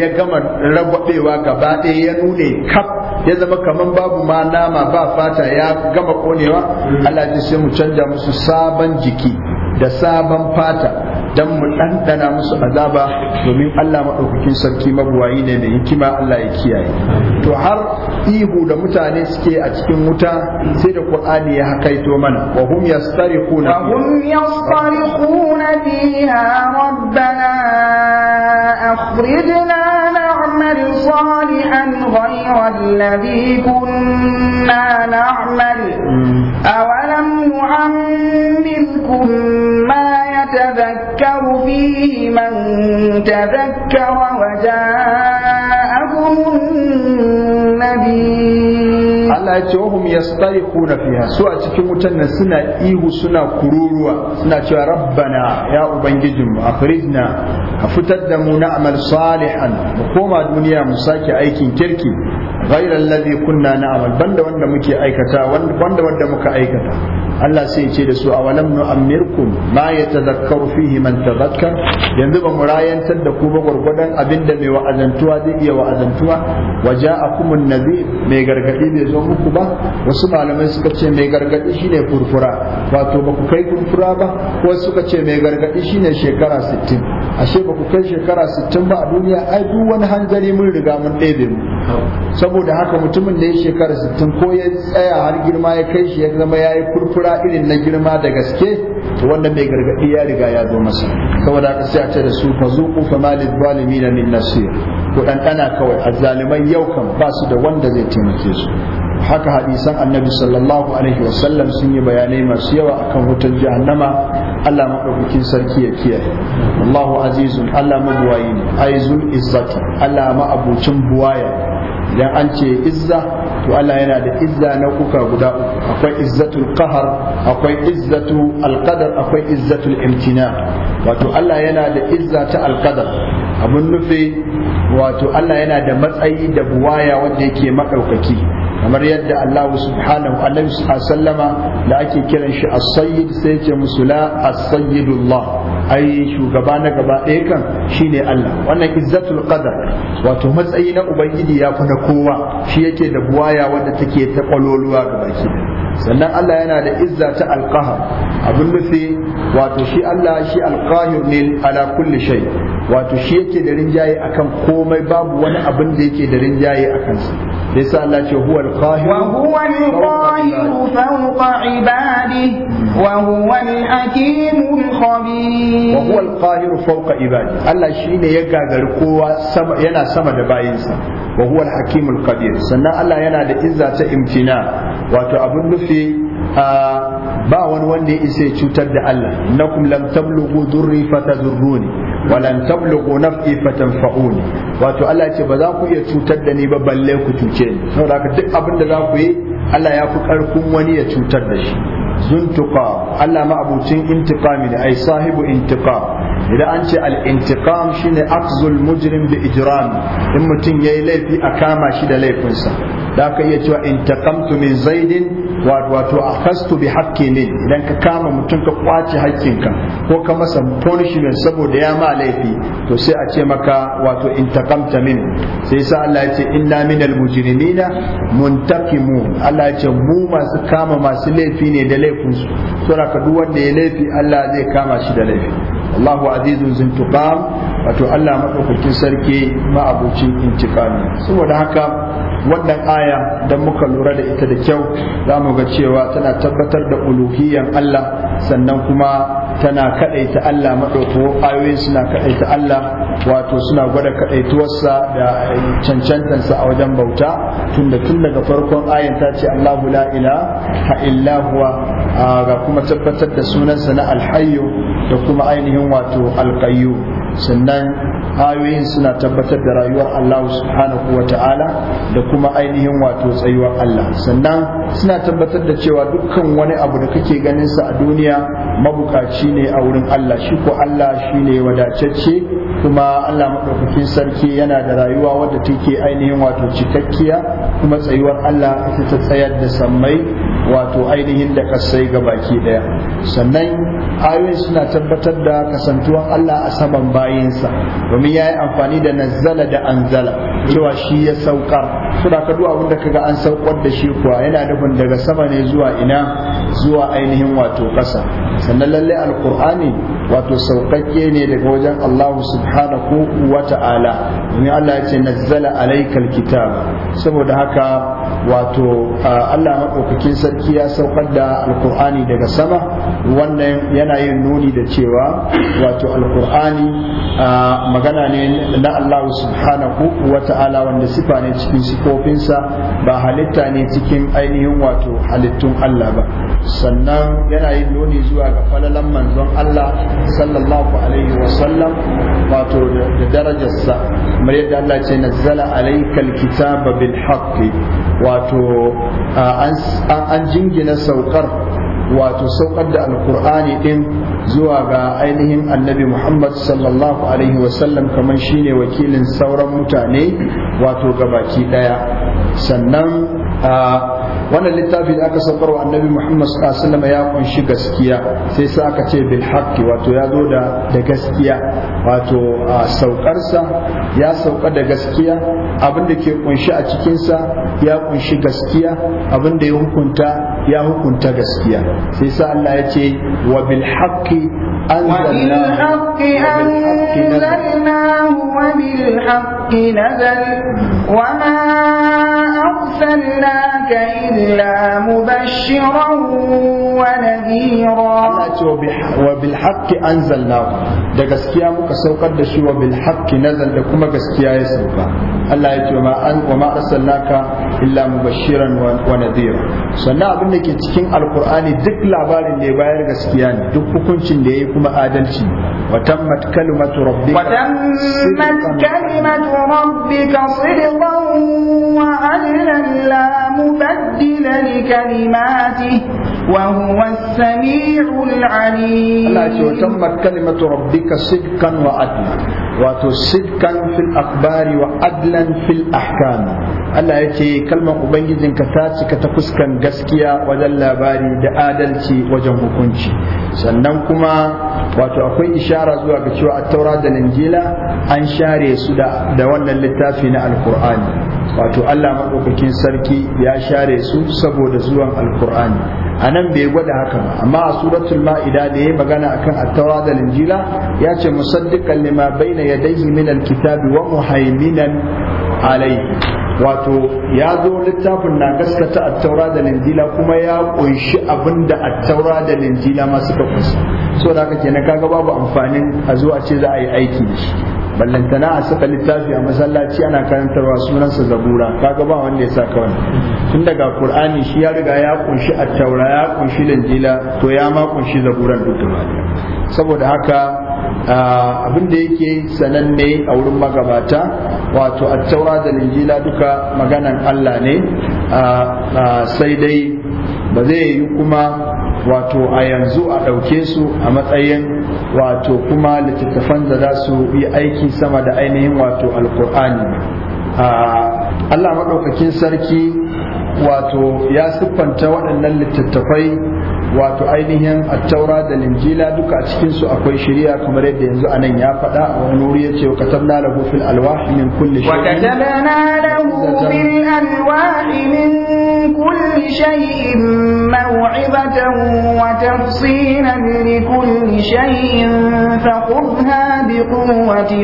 A: ya gama ragwabewa gaba ɗaya ya nune kaf ya zama kaman babu ma nama ba fata ya gama konewa hmm. Allah ya ce sai mu canja musu sabon jiki da sabon fata dan mu ɗanɗana musu azaba domin Allah maɗaukakin sarki mabuwayi ne mai hikima Allah ya kiyaye to har ihu da mutane suke a cikin wuta sai da Qur'ani ya hakaito mana wa hum yastariquna wa hum
B: yastariquna fiha rabbana akhrijna na'mal salihan ghayra alladhi kunna na'mal hmm. awalam يذكر فيه من تذكر وجاءهم النذير
A: Allah ya ce wahum yastariquna fiha su a cikin wutan nan suna ihu suna kururuwa suna cewa rabbana ya ubangijinmu afrijna a firij na fitar da mu na amal mu koma duniya mu sake aikin kirki ghayra alladhi kunna na'mal banda wanda muke aikata wanda wanda muka aikata Allah sai ce da su a walam nu'ammirkum ma yatadhakkaru fihi man tadhakkar yanzu ba mu rayantar da ku ba gurgurdan abinda mai wa'azantuwa zai iya wa'azantuwa waja'akumun nadhir mai gargadi bai zo Ku ba wasu malamai suka ce mai gargadi shine furfura wato ba ku kai furfura ba ko suka ce mai gargadi shine shekara 60 ashe ba ku kai shekara 60 ba a duniya ai duk wani hanzari mun riga mun ɗebe mu saboda haka mutumin da ya shekara 60 ko ya tsaya har girma ya kai shi ya zama ya yi furfura irin na girma da gaske wanda mai gargadi ya riga ya zo masa saboda haka sai a ce da su fa zuqu fa malid zalimin min nasir ku dan kawai azzalimai yau kan ba su da wanda zai taimake su haka hadisan annabi sallallahu alaihi wasallam sun yi bayanai masu yawa akan wutar jahannama Allah maɗaukakin sarki ya kiyaye Allahu azizun Allah mabuwayi ne aizul izzati Allah ma'abucin buwaya idan an ce izza to Allah yana da izza na kuka guda uku akwai izzatul qahar akwai izzatu alqadar akwai izzatul imtina wato Allah yana da izza ta alqadar abun nufi wato Allah yana da matsayi da buwaya wanda yake maɗaukaki kamar yadda Allah subhanahu alaihi sallama da ake kiran shi as-sayyid sai ce musula as-sayyidullah ai shugaba na gaba ɗaya kan shine Allah wannan izzatul qadar wato matsayi na ubangiji ya fi na kowa shi yake da buwaya wanda take ta kwaloluwa ga baki sannan Allah yana da izza ta alqahar abin nufi wato shi Allah shi alqahir ne ala kulli shay wato shi yake da rinjaye akan komai babu wani abin da yake da rinjaye akan sa yasa Allah ce huwa al-qahir wa huwa
B: al-qahir fawqa ibadihi wa huwa al-hakim al-khabir wa huwa
A: al-qahir fawqa ibadihi Allah shine ya gagari kowa sama yana sama da bayinsa wa huwa al-hakim al-qadir sannan Allah yana da izza ta imtina wato abin nufi ba wani wanda ya isa cutar da Allah innakum lam tablughu durri fatadurruni wa lam tablughu naf'i fatanfa'uni wato Allah ce ba za ku iya cutar da ni ba balle ku cuce ni saboda haka duk abin da za ku yi Allah ya fi karfin wani ya cutar da shi zuntuka Allah ma'abucin intiqami ne ai sahibu intiqam idan an ce al intiqam shine aqzul mujrim bi ijran in mutum yayi laifi a kama shi da laifinsa da ka iya cewa intaqamtu min zaidin wato a fastu bi haƙƙi min idan ka kama mutum ka kwace haƙƙinka ko ka masa punishment saboda ya ma laifi to sai a ce maka wato intaqamta min sai sa Allah ya ce inna minal mujrimina muntaqimun Allah ya ce mu masu kama masu laifi ne da laifinsu saboda ka duk wanda ya laifi Allah zai kama shi da laifi Allahu zin zintuqam wato Allah madaukakin sarki ma'abucin intiqami saboda haka wannan aya dan muka lura da ita da kyau zamu ga cewa tana tabbatar da uluhiyyan Allah sannan kuma tana kadaita Allah madaukako ayoyin suna kadaita Allah wato suna gwada kadaituwarsa da sa a wajen bauta tunda tun daga farkon ayan ta ce Allahu la ilaha illa huwa ga kuma tabbatar da sunansa na alhayyu da kuma ainihin wato alƙayyu sannan ayoyin suna tabbatar da rayuwar Allah subhanahu wa ta'ala da kuma ainihin wato tsayuwar Allah sannan suna tabbatar da cewa dukkan wani abu da kake ganin sa a duniya mabukaci ne a wurin Allah shi ko Allah shi ne wadatacce kuma Allah maɗaukakin sarki yana da rayuwa wadda take ainihin wato cikakkiya kuma tsayuwar Allah ita ta tsayar da sammai wato ainihin da kasai ga baki ɗaya sannan ayoyin suna tabbatar da kasantuwan Allah a saman bayinsa domin ya yi amfani da nazzala da anzala cewa shi ya saukar suna ka duwa abin da kaga an saukar da shi kuwa yana nufin daga sama ne zuwa ina zuwa ainihin wato ƙasa sannan lallai alkur'ani wato saukakke ne daga wajen Allah subhanahu subhanahu wa ta'ala domin Allah ya ce nazzala alaikal kitab saboda haka wato Allah maɗaukakin sarki ya saukar da alkur'ani daga sama wannan yana yin nuni da cewa wato alkur'ani magana ne na Allah subhanahu wa ta'ala wanda sifa ne cikin sifofinsa ba halitta ne cikin ainihin wato halittun Allah ba sannan yana yin nuni zuwa ga falalan manzon Allah sallallahu alaihi wasallam wato da darajarsa kamar yadda Allah ce nazzala alaikal kitaba bil haqqi wato an jingina saukar wato saukar da alkur'ani din zuwa ga ainihin annabi muhammad sallallahu alaihi wasallam kamar shine wakilin sauran mutane wato gabaki daya sannan wannan littafi da aka saukar wa annabi Muhammad sallallahu alaihi wasallam ya kunshi gaskiya sai sa aka ce bil haqqi wato ya zo da da gaskiya wato a saukarsa ya sauka da gaskiya abin da ke kunshi a cikinsa ya kunshi gaskiya abin da ya hukunta ya hukunta gaskiya sai sa Allah ya ce wa bil haqqi anzalna
B: wa bil haqqi nazal wa ma أرسلناك إلا مبشرا ونذيرا
A: وبالحق أنزلناه da gaskiya muka saukar da shi wa bil haqqi nazal da kuma gaskiya ya sauka Allah ya ce ma an wa ma arsalnaka illa mubashiran wa nadhira sannan abin da ke cikin alqur'ani duk labarin da ya bayar gaskiya ne duk hukuncin da yayi kuma adalci wa tammat kalimatu rabbika wa
B: tammat kalimatu rabbika sidqan قادرا لا مبدل لكلماته وهو السميع العليم
A: الله تمت كلمة ربك صدقا وعدلا wato sidkan fil akhbari wa adlan fil Allah ya ce kalmar ubangijinka ta cika ta fuskan gaskiya wajen labari da adalci wajen hukunci sannan kuma wato akwai ishara zuwa ga cewa at-taura da linjila an share su da wannan littafi na alkur'ani wato Allah maɗaukakin sarki ya share su saboda zuwan alkur'ani a nan bai gwada haka ba amma a suratul ma'ida da yayi magana akan attawa da linjila ya ce musaddiqan lima baina yadayhi min alkitabi wa muhaiminan alayhi wato ya zo littafin na gaskata attaura da linjila kuma ya kunshi abinda attaura da linjila ma suka kusa so da haka kenan kaga babu amfanin a zuwa ce za a yi aiki da shi ballantana a saka littafi a masallaci ana karantarwa sunansa zabura kaga ba wanda ya sa kawai. tun daga qur'ani shi ya riga ya kunshi a taura ya kunshi linjila to ya ma kunshi zaburan duk saboda haka abin da yake sananne a wurin magabata wato a taura da linjila duka maganan Allah ne sai dai ba zai yi kuma wato a yanzu a ɗauke su a matsayin wato kuma littattafan da za su yi aiki sama da ainihin wato alkur'ani Allah maɗaukakin sarki wato ya siffanta waɗannan littattafai wato ainihin attaura da linjila duka a cikinsu akwai shiriya kamar yadda yanzu a nan ya faɗa a wani wuri ya ce wa katabna lahu fil alwahi min
B: min كل شيء موعظة وتفصيلا لكل شيء فخذها بقوة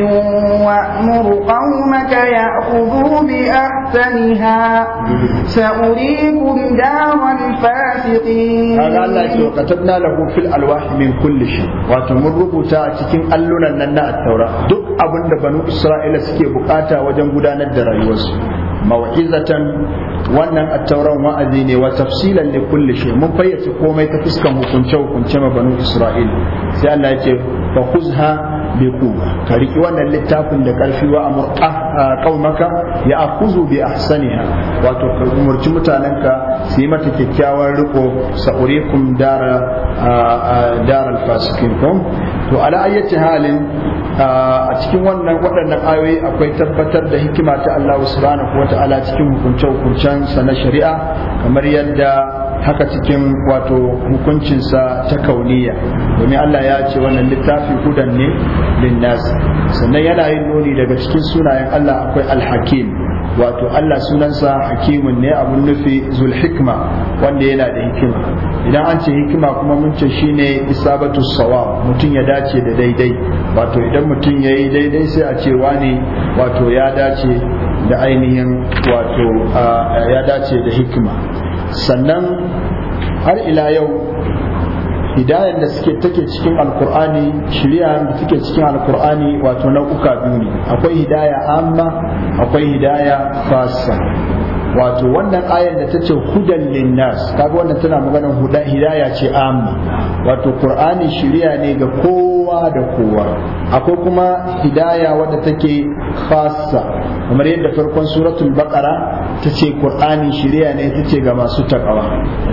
B: وأمر قومك يأخذوا بأحسنها سأريكم دار الفاسقين هذا الله
A: كتبنا له في الألواح من كل شيء وتمر تاتكين ألنا لنا التوراة دق أبن بنو إسرائيل سكي بقاتا وجنبنا ندر يوسف موعظة wannan attauran wa'azi ne wa tafsilan li kulli shay mun fayyace komai ta fuskan hukunce hukunce ma banu isra'il sai Allah ya ce fa khuzha bi quwwa ka riki wannan littafin da karfi wa amur qaumaka ya akhuzu bi ahsaniha wato ka umurci mutanenka su yi mata kyakkyawan riko sa'urikum dara daral fasikin to ala ayyati halin a cikin wannan waɗannan ayoyi akwai tabbatar da hikima ta Allah subhanahu ta'ala cikin hukunce-hukuncen sa na shari'a kamar yadda haka cikin wato hukuncinsa ta kauniya domin Allah ya ce wannan littafi hudan ne linnas sannan yana yin nuni daga cikin sunayen Allah akwai al-hakim wato Allah sunansa hakimun ne abun nufi zul hikma wanda yana da hikima idan an ce hikima kuma mun ce shine isabatu sawa mutum ya dace da daidai wato idan mutum ya yi daidai sai a cewa ne wato ya dace da ainihin wato ya dace da hikima sannan har ila yau hidayar da suke take cikin alkur'ani shirya da take cikin alkur'ani wato nau'uka biyu ne akwai hidaya amma akwai hidaya fasa wato wannan ayar da ta ce hudan linnas kaga wannan tana maganar hidaya ce amma wato qur'ani shirya ne ga kowa kowa da kowa akwai kuma hidaya wadda take fasa kamar yadda farkon suratul baqara ta ce qur'ani shiriya ne ta ce ga masu takawa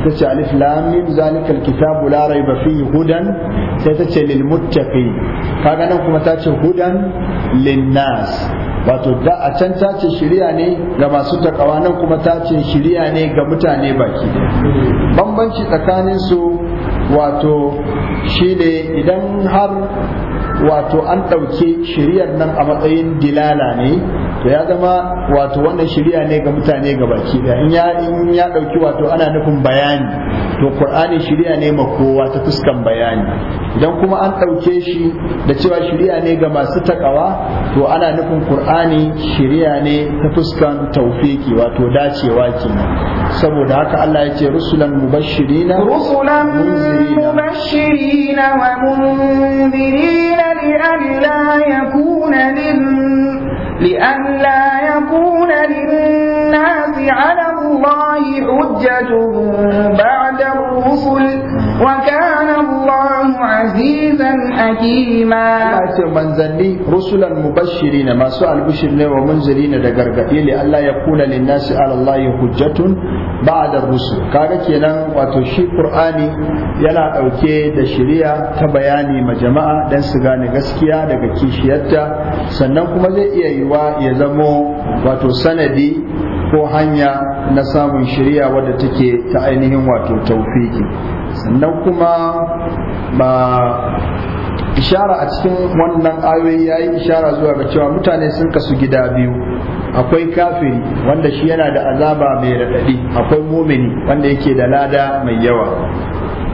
A: ta ce alif lam mim zalikal kitabu la raiba fihi hudan sai ta ce lil muttaqin kaga nan kuma ta ce hudan lin nas wato da a can ta ce shiriya ne ga masu takawa nan kuma ta ce shiriya ne ga mutane baki bambanci tsakanin su wato shine idan har wato an ɗauke shiriyar nan a matsayin dilala ne to ya zama wato wannan shari'a ne ga mutane ga baki daya in ya in dauki wato ana nufin bayani to qur'ani shari'a ne ma kowa ta fuskan bayani idan kuma an dauke shi da cewa shari'a ne ga masu takawa to ana nufin qur'ani shari'a ne ta fuskan tawfiki wato dacewa kenan saboda haka Allah ya ce rusulan mubashirina rusulan
B: mubashirina wa munzirina li an la yakuna lin لئلا يكون للناس على الله حجة بعد الرسل وكان azizan hakima Allah
A: ce manzanni rusulan mubashirina masu albushir ne wa munzirina da gargadi ne Allah ya kula lin nasi ala Allah hujjatun ba'da rusul kaga kenan wato shi Qur'ani yana ɗauke da shiriya ta bayani ma jama'a dan su gane gaskiya daga kishiyarta sannan kuma zai iya yiwa ya zamo wato sanadi ko hanya na samun shirya wadda take ta ainihin wato taufiki sannan kuma ba ishara a cikin wannan ayoyi ya yi ishara zuwa ga cewa mutane sun kasu gida biyu akwai kafiri wanda shi yana da azaba mai raɗaɗi akwai mumini wanda yake da lada mai yawa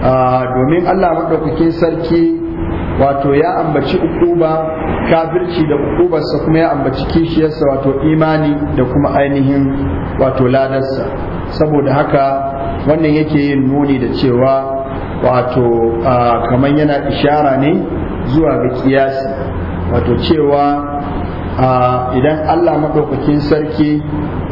A: ah, domin allah maɗaukakin sarki wato ya ambaci ukuba kafirci da ukubarsa kuma ya ambaci kishiyarsa wato imani da kuma ainihin wato ladarsa saboda haka wannan yake yin nuni da cewa wato kamar yana ishara ne zuwa ga kiyasi wato cewa idan allah maɗaukakin sarki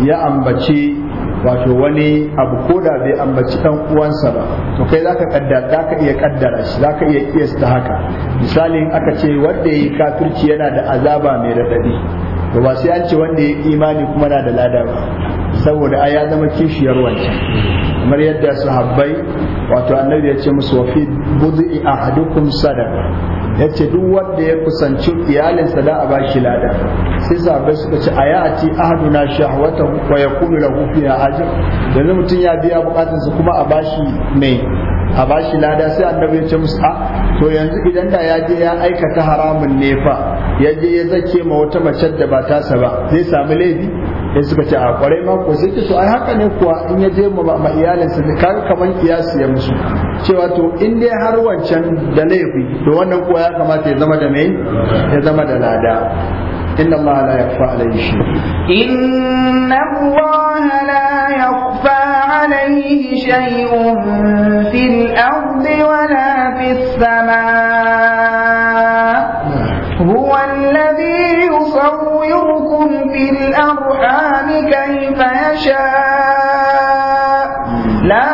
A: ya ambaci wato wani abu ko da bai ambaci dan uwansa ba to kai zaka kaddara zaka iya kaddara shi zaka iya kiyasta haka misalin aka ce wanda yi kafirci yana da azaba mai radadi to ba sai an ce wanda ya yi imani kuma na da lada ba saboda ai ya zama kishiyar wancan kamar yadda sahabbai wato annabi ya ce musu wa fi bud'i ahadukum sadaqa ya ce duk wanda ya kusanci iyalinsa da a ba shi lada sai sabai suka ce a na ahaduna shahwata wa yakunu lahu fiha ajr yanzu mutum ya biya bukatunsa kuma a bashi mai a bashi lada sai annabi ya ce musu a to yanzu idan da ya je ya aikata haramun ne fa ya je ya zake ma wata mace da ba tasa ba zai samu laifi In suka ce a kwarai ma ko sai to ai haka ne kuwa in ya je ma iyalinsa da kaga kaman kiyasi ya musu cewa to in dai har wancan da laifi to wannan kuwa ya kamata ya zama da mai ya zama da lada inna Allah la yakfa alayhi shi
B: inna Allah la yakfa alayhi shay'un fil ardi fis samaa يصوركم في الأرحام كيف يشاء لا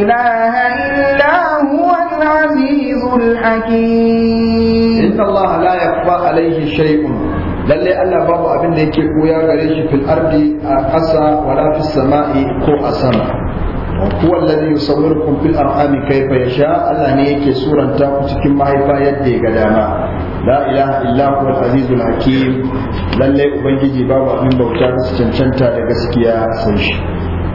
B: إله إلا هو العزيز
A: الحكيم إن الله لا يخفى عليه شيء lalle Allah babu abin da yake koya gare shi fil ardi a ƙasa wala fis sama'i ko a sama huwa alladhi yusawwirukum fil arhami kayfa yasha Allah ne yake suranta ku cikin mahaifa yadda ya ga dama la ilaha illa al-azizul hakim lalle ubangiji babu abin bauta cancanta da gaskiya sai shi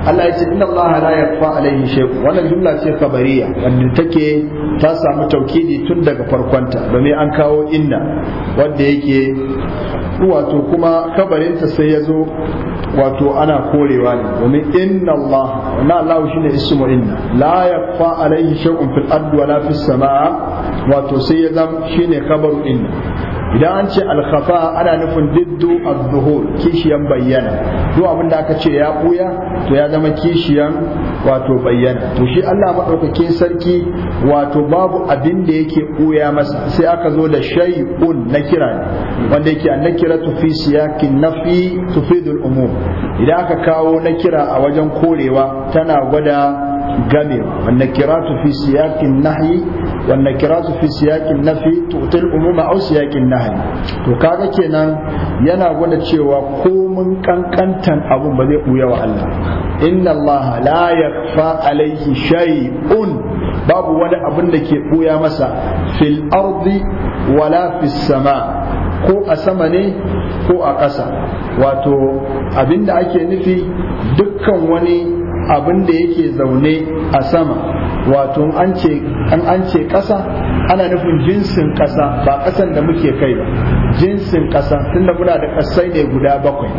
A: Allah ya ce inna Allah la yakfa alaihi shay'un wannan jumla ce kabariya wanda take ta samu taukidi tun daga farkonta domin an kawo inna wanda yake wato kuma kabarinta sai ya zo wato ana korewa ne domin inna Allah na Allah shine ismu inna la yakfa alaihi shay'un fil ardi wala fis samaa wato sai ya zam shine kabaru inna idan an ce alkhafa ana nufin diddu az-zuhur kishiyan bayyana duk abin da aka ce ya buya to ya zama kishiyan wato bayyana to shi Allah madaukakin sarki wato babu abin da yake buya masa sai aka zo da shay'un na kira wanda yake tu fi siyaqin nafi tufidul umum idan aka kawo nakira a wajen korewa tana gwada Gane. wannan kiratu fi siyakin nahyi wannan kiratu fi siyakin nafi tutil umuma au siyakin nahyi to kaga kenan yana gwada cewa mun kankantan abun ba zai buya wa Allah inna Allah la yakfa alaihi shay'un babu wani abin da ke buya masa fil ardi wala fis sama ko a sama ne ko a ƙasa wato abinda ake nufi dukkan wani abin da yake zaune a sama wato an an ce ƙasa ana nufin jinsin ƙasa ba ƙasan da muke kai ba jinsin ƙasa tunda muna da ƙasai ne guda bakwai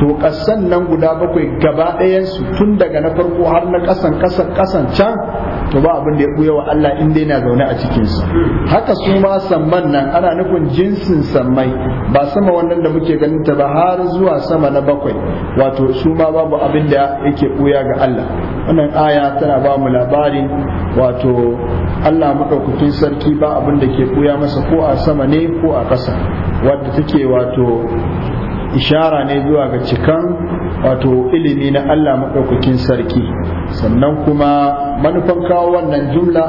A: to ƙasan nan guda bakwai gaba ɗayansu tun daga na farko har na ƙasan ƙasan ƙasan can to ba abin da ya buya wa Allah in dai na zaune a cikin su haka su ma samman nan ana nufin jinsin sammai ba sama wannan da muke ganinta ba har zuwa sama na bakwai wato su ma babu abin da yake buya ga Allah wannan aya tana ba mu labarin wato Allah maɗaukakin sarki ba abin da ke buya masa ko a sama ne ko a ƙasa wadda take wato ishara ne zuwa ga cikan wato ilimi na Allah maɗaukakin sarki sannan kuma manufan kawo wannan jumla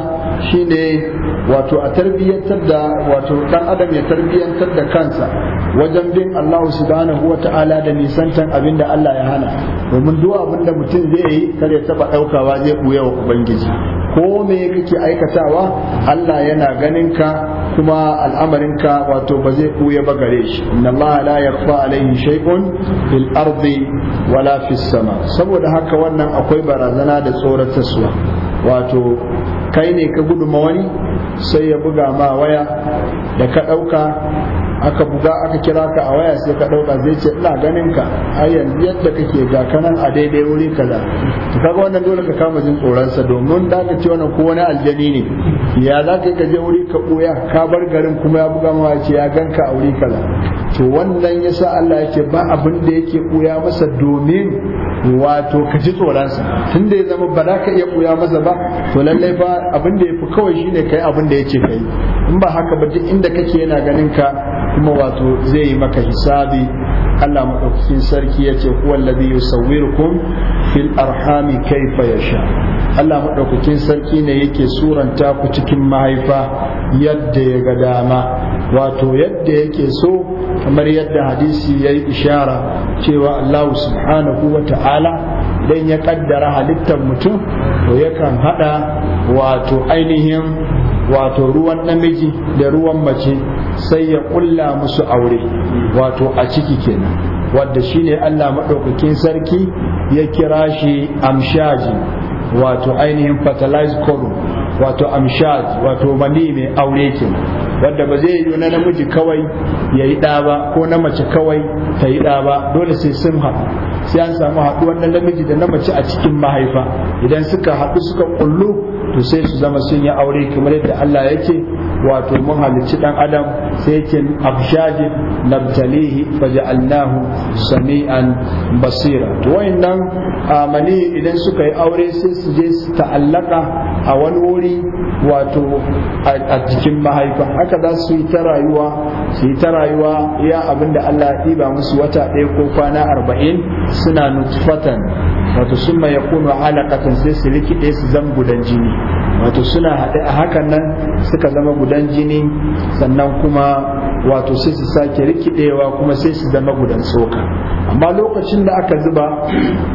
A: shine wato a tarbiyyantar da wato ɗan adam ya tarbiyyantar da kansa wajen bin Allah subhanahu wa ta'ala da nisantan abin da Allah ya hana domin duk abin da mutum zai yi kar ya taɓa ɗaukawa zai buya wa Ubangiji ko me kake aikatawa Allah yana ganin ka kuma al'amarinka wato ba zai ɓuya ba gare shi inna Allah la yakhfa alayhi shay'un fil ardi wala fis sama saboda haka wannan akwai barazana da tsoratarwa wato kai ne ka guduma wani sai ya buga ma waya da ka ɗauka aka buga aka kira ka a waya sai ka ɗauka zai ce ina ganin ka a yanzu yadda kake ga kanan a daidai wuri kaza to kaga wannan dole ka kama jin tsoronsa domin da ka ce wannan ko wani aljani ne ya za ka yi ka je wuri ka ɓuya ka bar garin kuma ya buga ma ce ya ganka a wuri kaza to wannan yasa Allah yake ba abin da yake ɓuya masa domin wato ka ji tsoronsa tunda ya zama ba za ka iya ɓuya masa ba to lallai ba abin da ya fi kawai shine kai abin da da yake kai in ba haka ba duk inda kake yana ganin ka kuma wato zai yi maka hisabi Allah maɗaukakin sarki yace ce huwa alladhi yusawwirukum fil arhami kaifa yasha Allah maɗaukakin sarki ne yake suranta ku cikin mahaifa yadda ya ga dama wato yadda yake so kamar yadda hadisi ya yi ishara cewa Allah subhanahu wa ta'ala dan ya kaddara halittar mutum to yakan hada wato ainihin wato ruwan namiji da ruwan mace sai ya ƙulla musu aure wato a ciki kenan wadda shine Allah maɗaukakin sarki ya kira shi amshaji wato ainihin fertilized column wato amshad wato mani mai aure kenan wadda ba zai yi na namiji kawai ya yi ba ko na mace kawai ta yi ɗa ba dole sai sun haɗu sai an samu haɗuwar na namiji da na mace a cikin mahaifa idan suka haɗu suka ƙullu to sai su zama sun yi aure kamar yadda Allah ya ce wato mun halicci dan adam sai yake abshajin nabtalihi faja'alnahu sami'an basira to wayannan amani idan suka yi aure sai su je su ta'allaka a wani wuri wato a jikin mahaifa haka za su yi ta rayuwa su yi ta rayuwa iya abinda Allah ya ɗiba musu wata ɗaya ko kwana arba'in suna nutfatan wato sun ya yakunu alaqatan sai su likide su zan gudan jini wato suna haɗe a hakan nan suka zama gudan jini sannan kuma wato sai su sake rikidewa kuma sai su zama gudan tsoka amma lokacin da aka zuba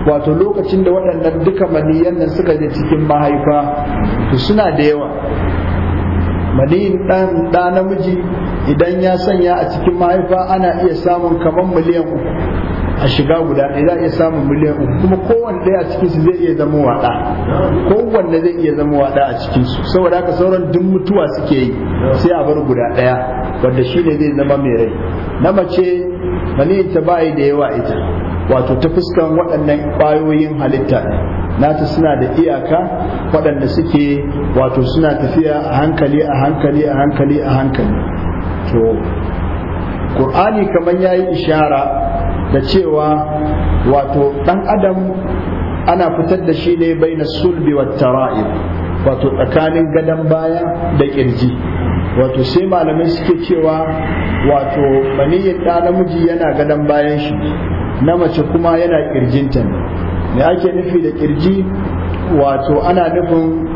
A: wato lokacin da waɗannan duka maniyan nan suka je cikin mahaifa to suna da yawa maniyin ɗan ɗa namiji idan ya sanya a cikin mahaifa ana iya samun kamar miliyan uku a shiga guda ɗaya za a iya samun miliyan uku kuma kowanne ɗaya a cikin su zai iya zama waɗa kowanne zai iya zama waɗa a cikin su saboda haka sauran duk mutuwa suke yi sai a bar guda ɗaya wanda shi ne zai zama mai rai na mace mani ta bayi da yawa ita wato ta fuskan waɗannan ƙwayoyin halitta nata suna da iyaka waɗanda suke wato suna tafiya a hankali a hankali a hankali a hankali to ƙur'ani kamar ya yi ishara da cewa wato ɗan adam ana fitar da shi ne bai na sulbi wa tara'ib wato tsakanin gadon baya da ƙirji wato sai malamai suke cewa wato maniyin ɗa namiji yana gadon bayan shi na mace kuma yana ƙirjinta ne me ake nufi da ƙirji wato ana nufin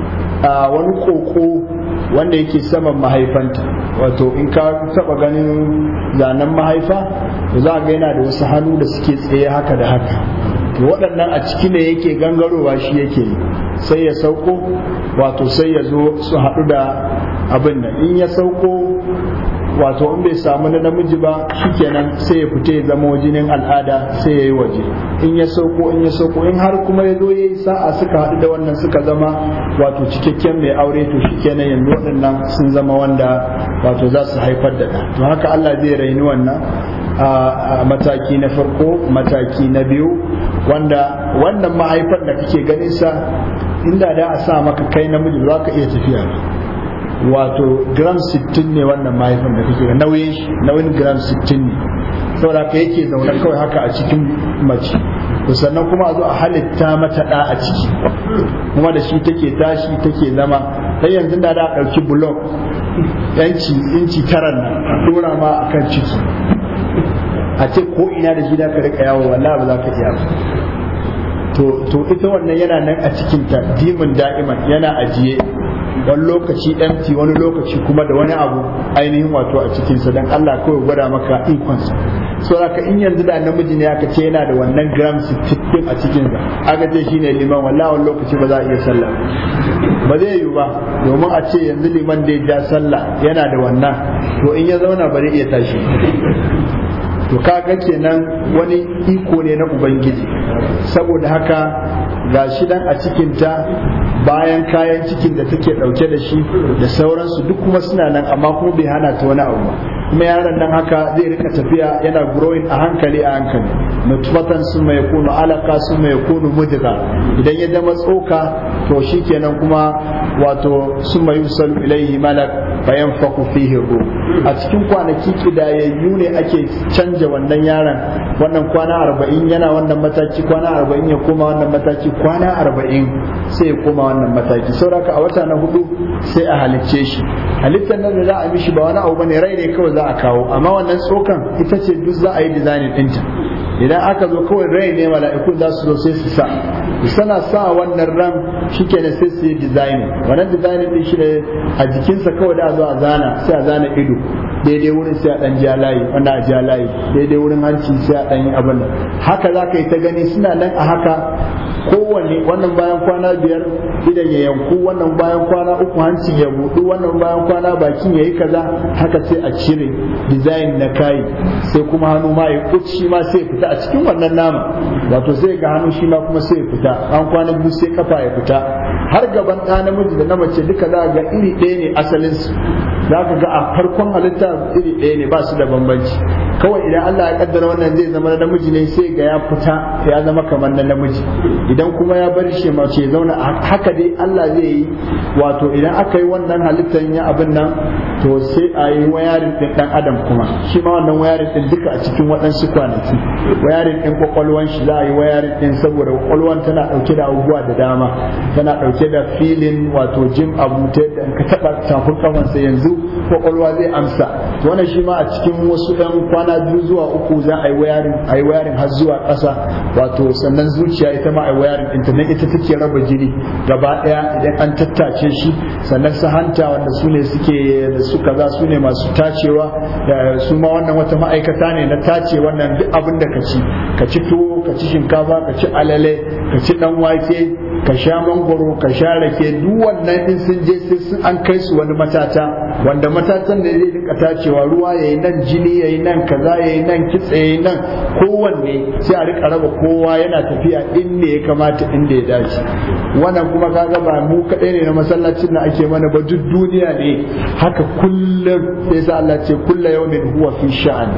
A: ah, wani koko. wanda yake saman mahaifanta wato in ka taba ganin zanen mahaifa za ga yana da wasu hannu da suke tsaye haka da haka waɗannan a ciki ne yake gangarowa shi yake sai ya sauko wato sai ya zo su haɗu da abin nan in ya sauko wato in bai samu na namiji ba shikenan sai ya fita ya zama jinin al'ada sai ya yi waje in ya sauko in ya sauko in har kuma ya zo ya yi sa'a suka haɗu da wannan suka zama wato cikakken mai aure to shikenan yanzu waɗannan sun zama wanda wato za su haifar da ɗa to haka Allah zai raini wannan a mataki na farko mataki na biyu wanda wannan mahaifar da kake ganin sa inda da a sa maka kai namiji za ka iya tafiya wato gram 60 ne wannan mahaifin da kake nauyin shi nauyin gram 60 ne saboda ka yake zaune kawai haka a cikin mace to sannan kuma a zo a halitta mata da a ciki kuma da shi take tashi take zama sai yanzu da da ɗauki bulok yanci inci taran nan dora ma akan ciki a ce ko ina da shi da ka rika yawo wallahi ba za ka iya to to ita wannan yana nan a cikin ta dimin da'iman yana ajiye wani lokaci empty wani lokaci kuma da wani abu ainihin wato a cikinsa don Allah kawai gwada maka ikonsa so haka in yanzu da namiji ne aka ce yana da wannan gram 60 a cikinsa aka ce shine liman wallahi wani lokaci ba za a iya sallah ba zai yiwu ba domin a ce yanzu liman da ya ja sallah yana da wannan to in ya zauna ba zai iya tashi to kaga kenan wani iko ne na ubangiji saboda haka ga shi dan a cikin ta. bayan kayan cikin da take ɗauke da shi da sauransu duk kuma suna nan amma kuma bai hana ta wani abu kuma yaron nan haka zai rika tafiya yana growing a hankali a hankali nutfatan sun mai kunu alaka sun mai kunu mudga idan ya zama tsoka to shikenan kuma wato sun mai yusalu ilaihi malak bayan faku fihi ru a cikin kwanaki kidayayyu ne ake canja wannan yaron wannan kwana arba'in yana wannan mataki kwana arba'in ya koma wannan mataki kwana arba'in sai ya koma wannan mataki sauraka a wata na hudu sai a halicce shi halittar nan da za a mishi ba wani abu bane rai ne kawai za a kawo amma wannan tsokan ita ce duk za a yi design ɗinta idan aka zo kawai rai ne mala'ikun za su zo sai su sa sana sa wannan ran shi ke sai su yi design wannan design din shi ne a jikinsa kawai da zo a zana sai a zana ido daidai wurin sai a dan ja layi wanda a ja layi daidai wurin hanci sai a dan yi abin haka za ka yi ta gani suna nan a haka kowanne wannan bayan kwana biyar idan ya yanku wannan bayan kwana uku hancin ya buɗu wannan bayan kwana bakin ya yi kaza haka sai a cire design na kayi sai kuma hannu ma ya kuci ma sai fita a cikin wannan nama wato sai ga hannu shi ma kuma sai fita an kwana biyu sai kafa ya fita har gaban ɗa namiji da na mace duka za ga iri ɗaya ne asalinsu su za ka ga a farkon halitta iri ɗaya ne ba su da bambanci kawai idan Allah ya kaddara wannan zai zama namiji ne sai ga ya fita ya zama kamar na namiji idan kuma ya bar shi mace zauna haka dai Allah zai yi wato idan aka yi wannan halittar ya abin nan to sai a yi wayarin din dan adam kuma shi ma wannan wayarin din duka a cikin waɗansu kwanaki wayarin din kwakwalwan shi za a yi wayarin din saboda kwakwalwan tana ɗauke da abubuwa da dama tana ɗauke da filin wato jin abu ta yadda ka taɓa tafin kafansa yanzu kwakwalwa zai amsa wannan shi ma a cikin wasu ɗan kwana kwana biyu zuwa uku za a yi wayarin a yi har zuwa ƙasa wato sannan zuciya ita ma a yi wayarin intanet ita take raba jini gaba ɗaya idan an tattace shi sannan su hanta wanda su ne suke da su kaza su ne masu tacewa su ma wannan wata ma'aikata ne na tace wannan duk abin da ka ci ka ci tuwo ka ci shinkafa ka ci alale ka ci dan wake ka sha mangoro ka sha rake duk wannan in sun je sai sun an kai su wani matata wanda matatan da zai rika tacewa ruwa yayi nan jini yayi nan ka kaza yayi nan kitse yayi nan kowanne sai a rika raba kowa yana tafiya inda ya kamata inda ya dace wannan kuma kaga ba mu kadai ne na masallacin da ake mana ba duk duniya ne haka kullum sai sa Allah ce kullu yawmin huwa fi sha'an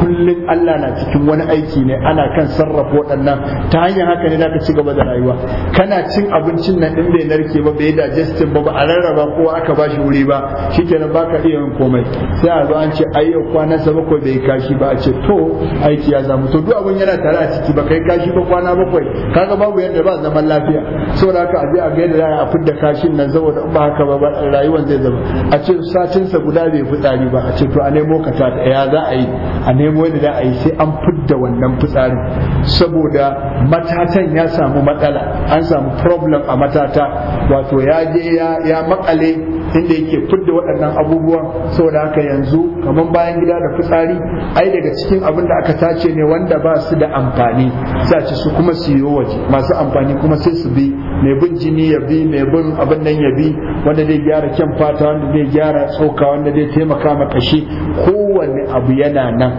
A: kullum Allah na cikin wani aiki ne ana kan sarrafa waɗannan ta hanyar haka ne zaka ci gaba da rayuwa kana cin abincin nan in bai narke ba bai digestion ba ba a rarraba ko aka bashi wuri ba shikenan baka iya yin komai sai a zo an ce yau kwana sa bakwai bai kashi ba a ce to aiki ya zamu to duk abun yana tare a ciki ba kai kashi ba kwana bakwai kaga babu yadda ba zaman lafiya saboda haka aje a ga yadda za a fidda kashin nan saboda in ba haka ba rayuwar zai zama a ce sa guda bai fitsari ba a ce to a nemo ka ya za a yi a nemo yadda za a yi sai an fidda wannan fitsarin saboda matatan ya samu matsala an samu problem a matata wato ya je ya makale inda yake fidda waɗannan abubuwan saboda haka yanzu kamar bayan gida da fitsari ai daga cikin abin da aka tace ne wanda ba su da amfani za ci su kuma su yi waje masu amfani kuma sai su bi mai bin jini ya bi mai bin abin nan ya bi wanda zai gyara kyan fata wanda zai gyara tsoka wanda zai taimaka ma kashi kowane abu yana nan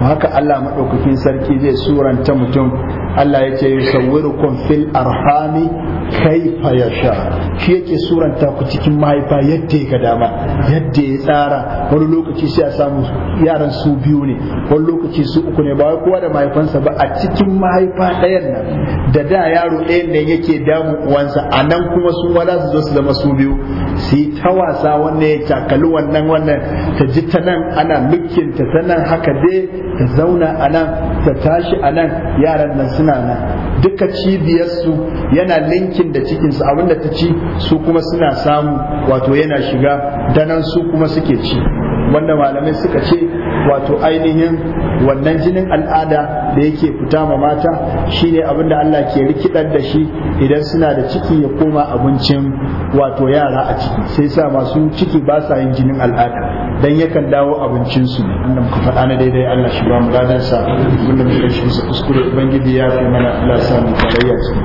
A: haka Allah maɗaukakin sarki zai suranta mutum Allah ya ce yusawwirukum fil arhami kaifa yasha shi yake suranta ku cikin mahaifa yadda ya ga dama yadda ya tsara wani lokaci sai a samu yaran su biyu ne wani lokaci su uku ne ba kowa da mahaifansa ba a cikin mahaifa ɗayan nan da da yaro ɗayan nan yake damu uwansa a nan kuma su ma za su zo su zama su biyu su yi ta wasa wannan ya cakali wannan wannan ta ji ta nan ana lukinta ta nan haka dai ta zauna a nan ta tashi a nan yaran nan suna nan duka cibiyarsu yana linkin da cikinsu abinda ta ci su kuma suna samu wato yana shiga danan su kuma suke ci wanda malamai suka ce wato ainihin wannan jinin al'ada da yake fita ma mata shine abinda Allah ke rikidar da shi idan suna da ciki ya koma abincin wato yara a ciki sai sa masu ciki ba sa yin jinin al'ada dan yakan dawo abincin su ne annan ku faɗa na daidai Allah shi ba mu ladan sa wanda muke shi kuskure ubangiji ya fi mana Allah sa mu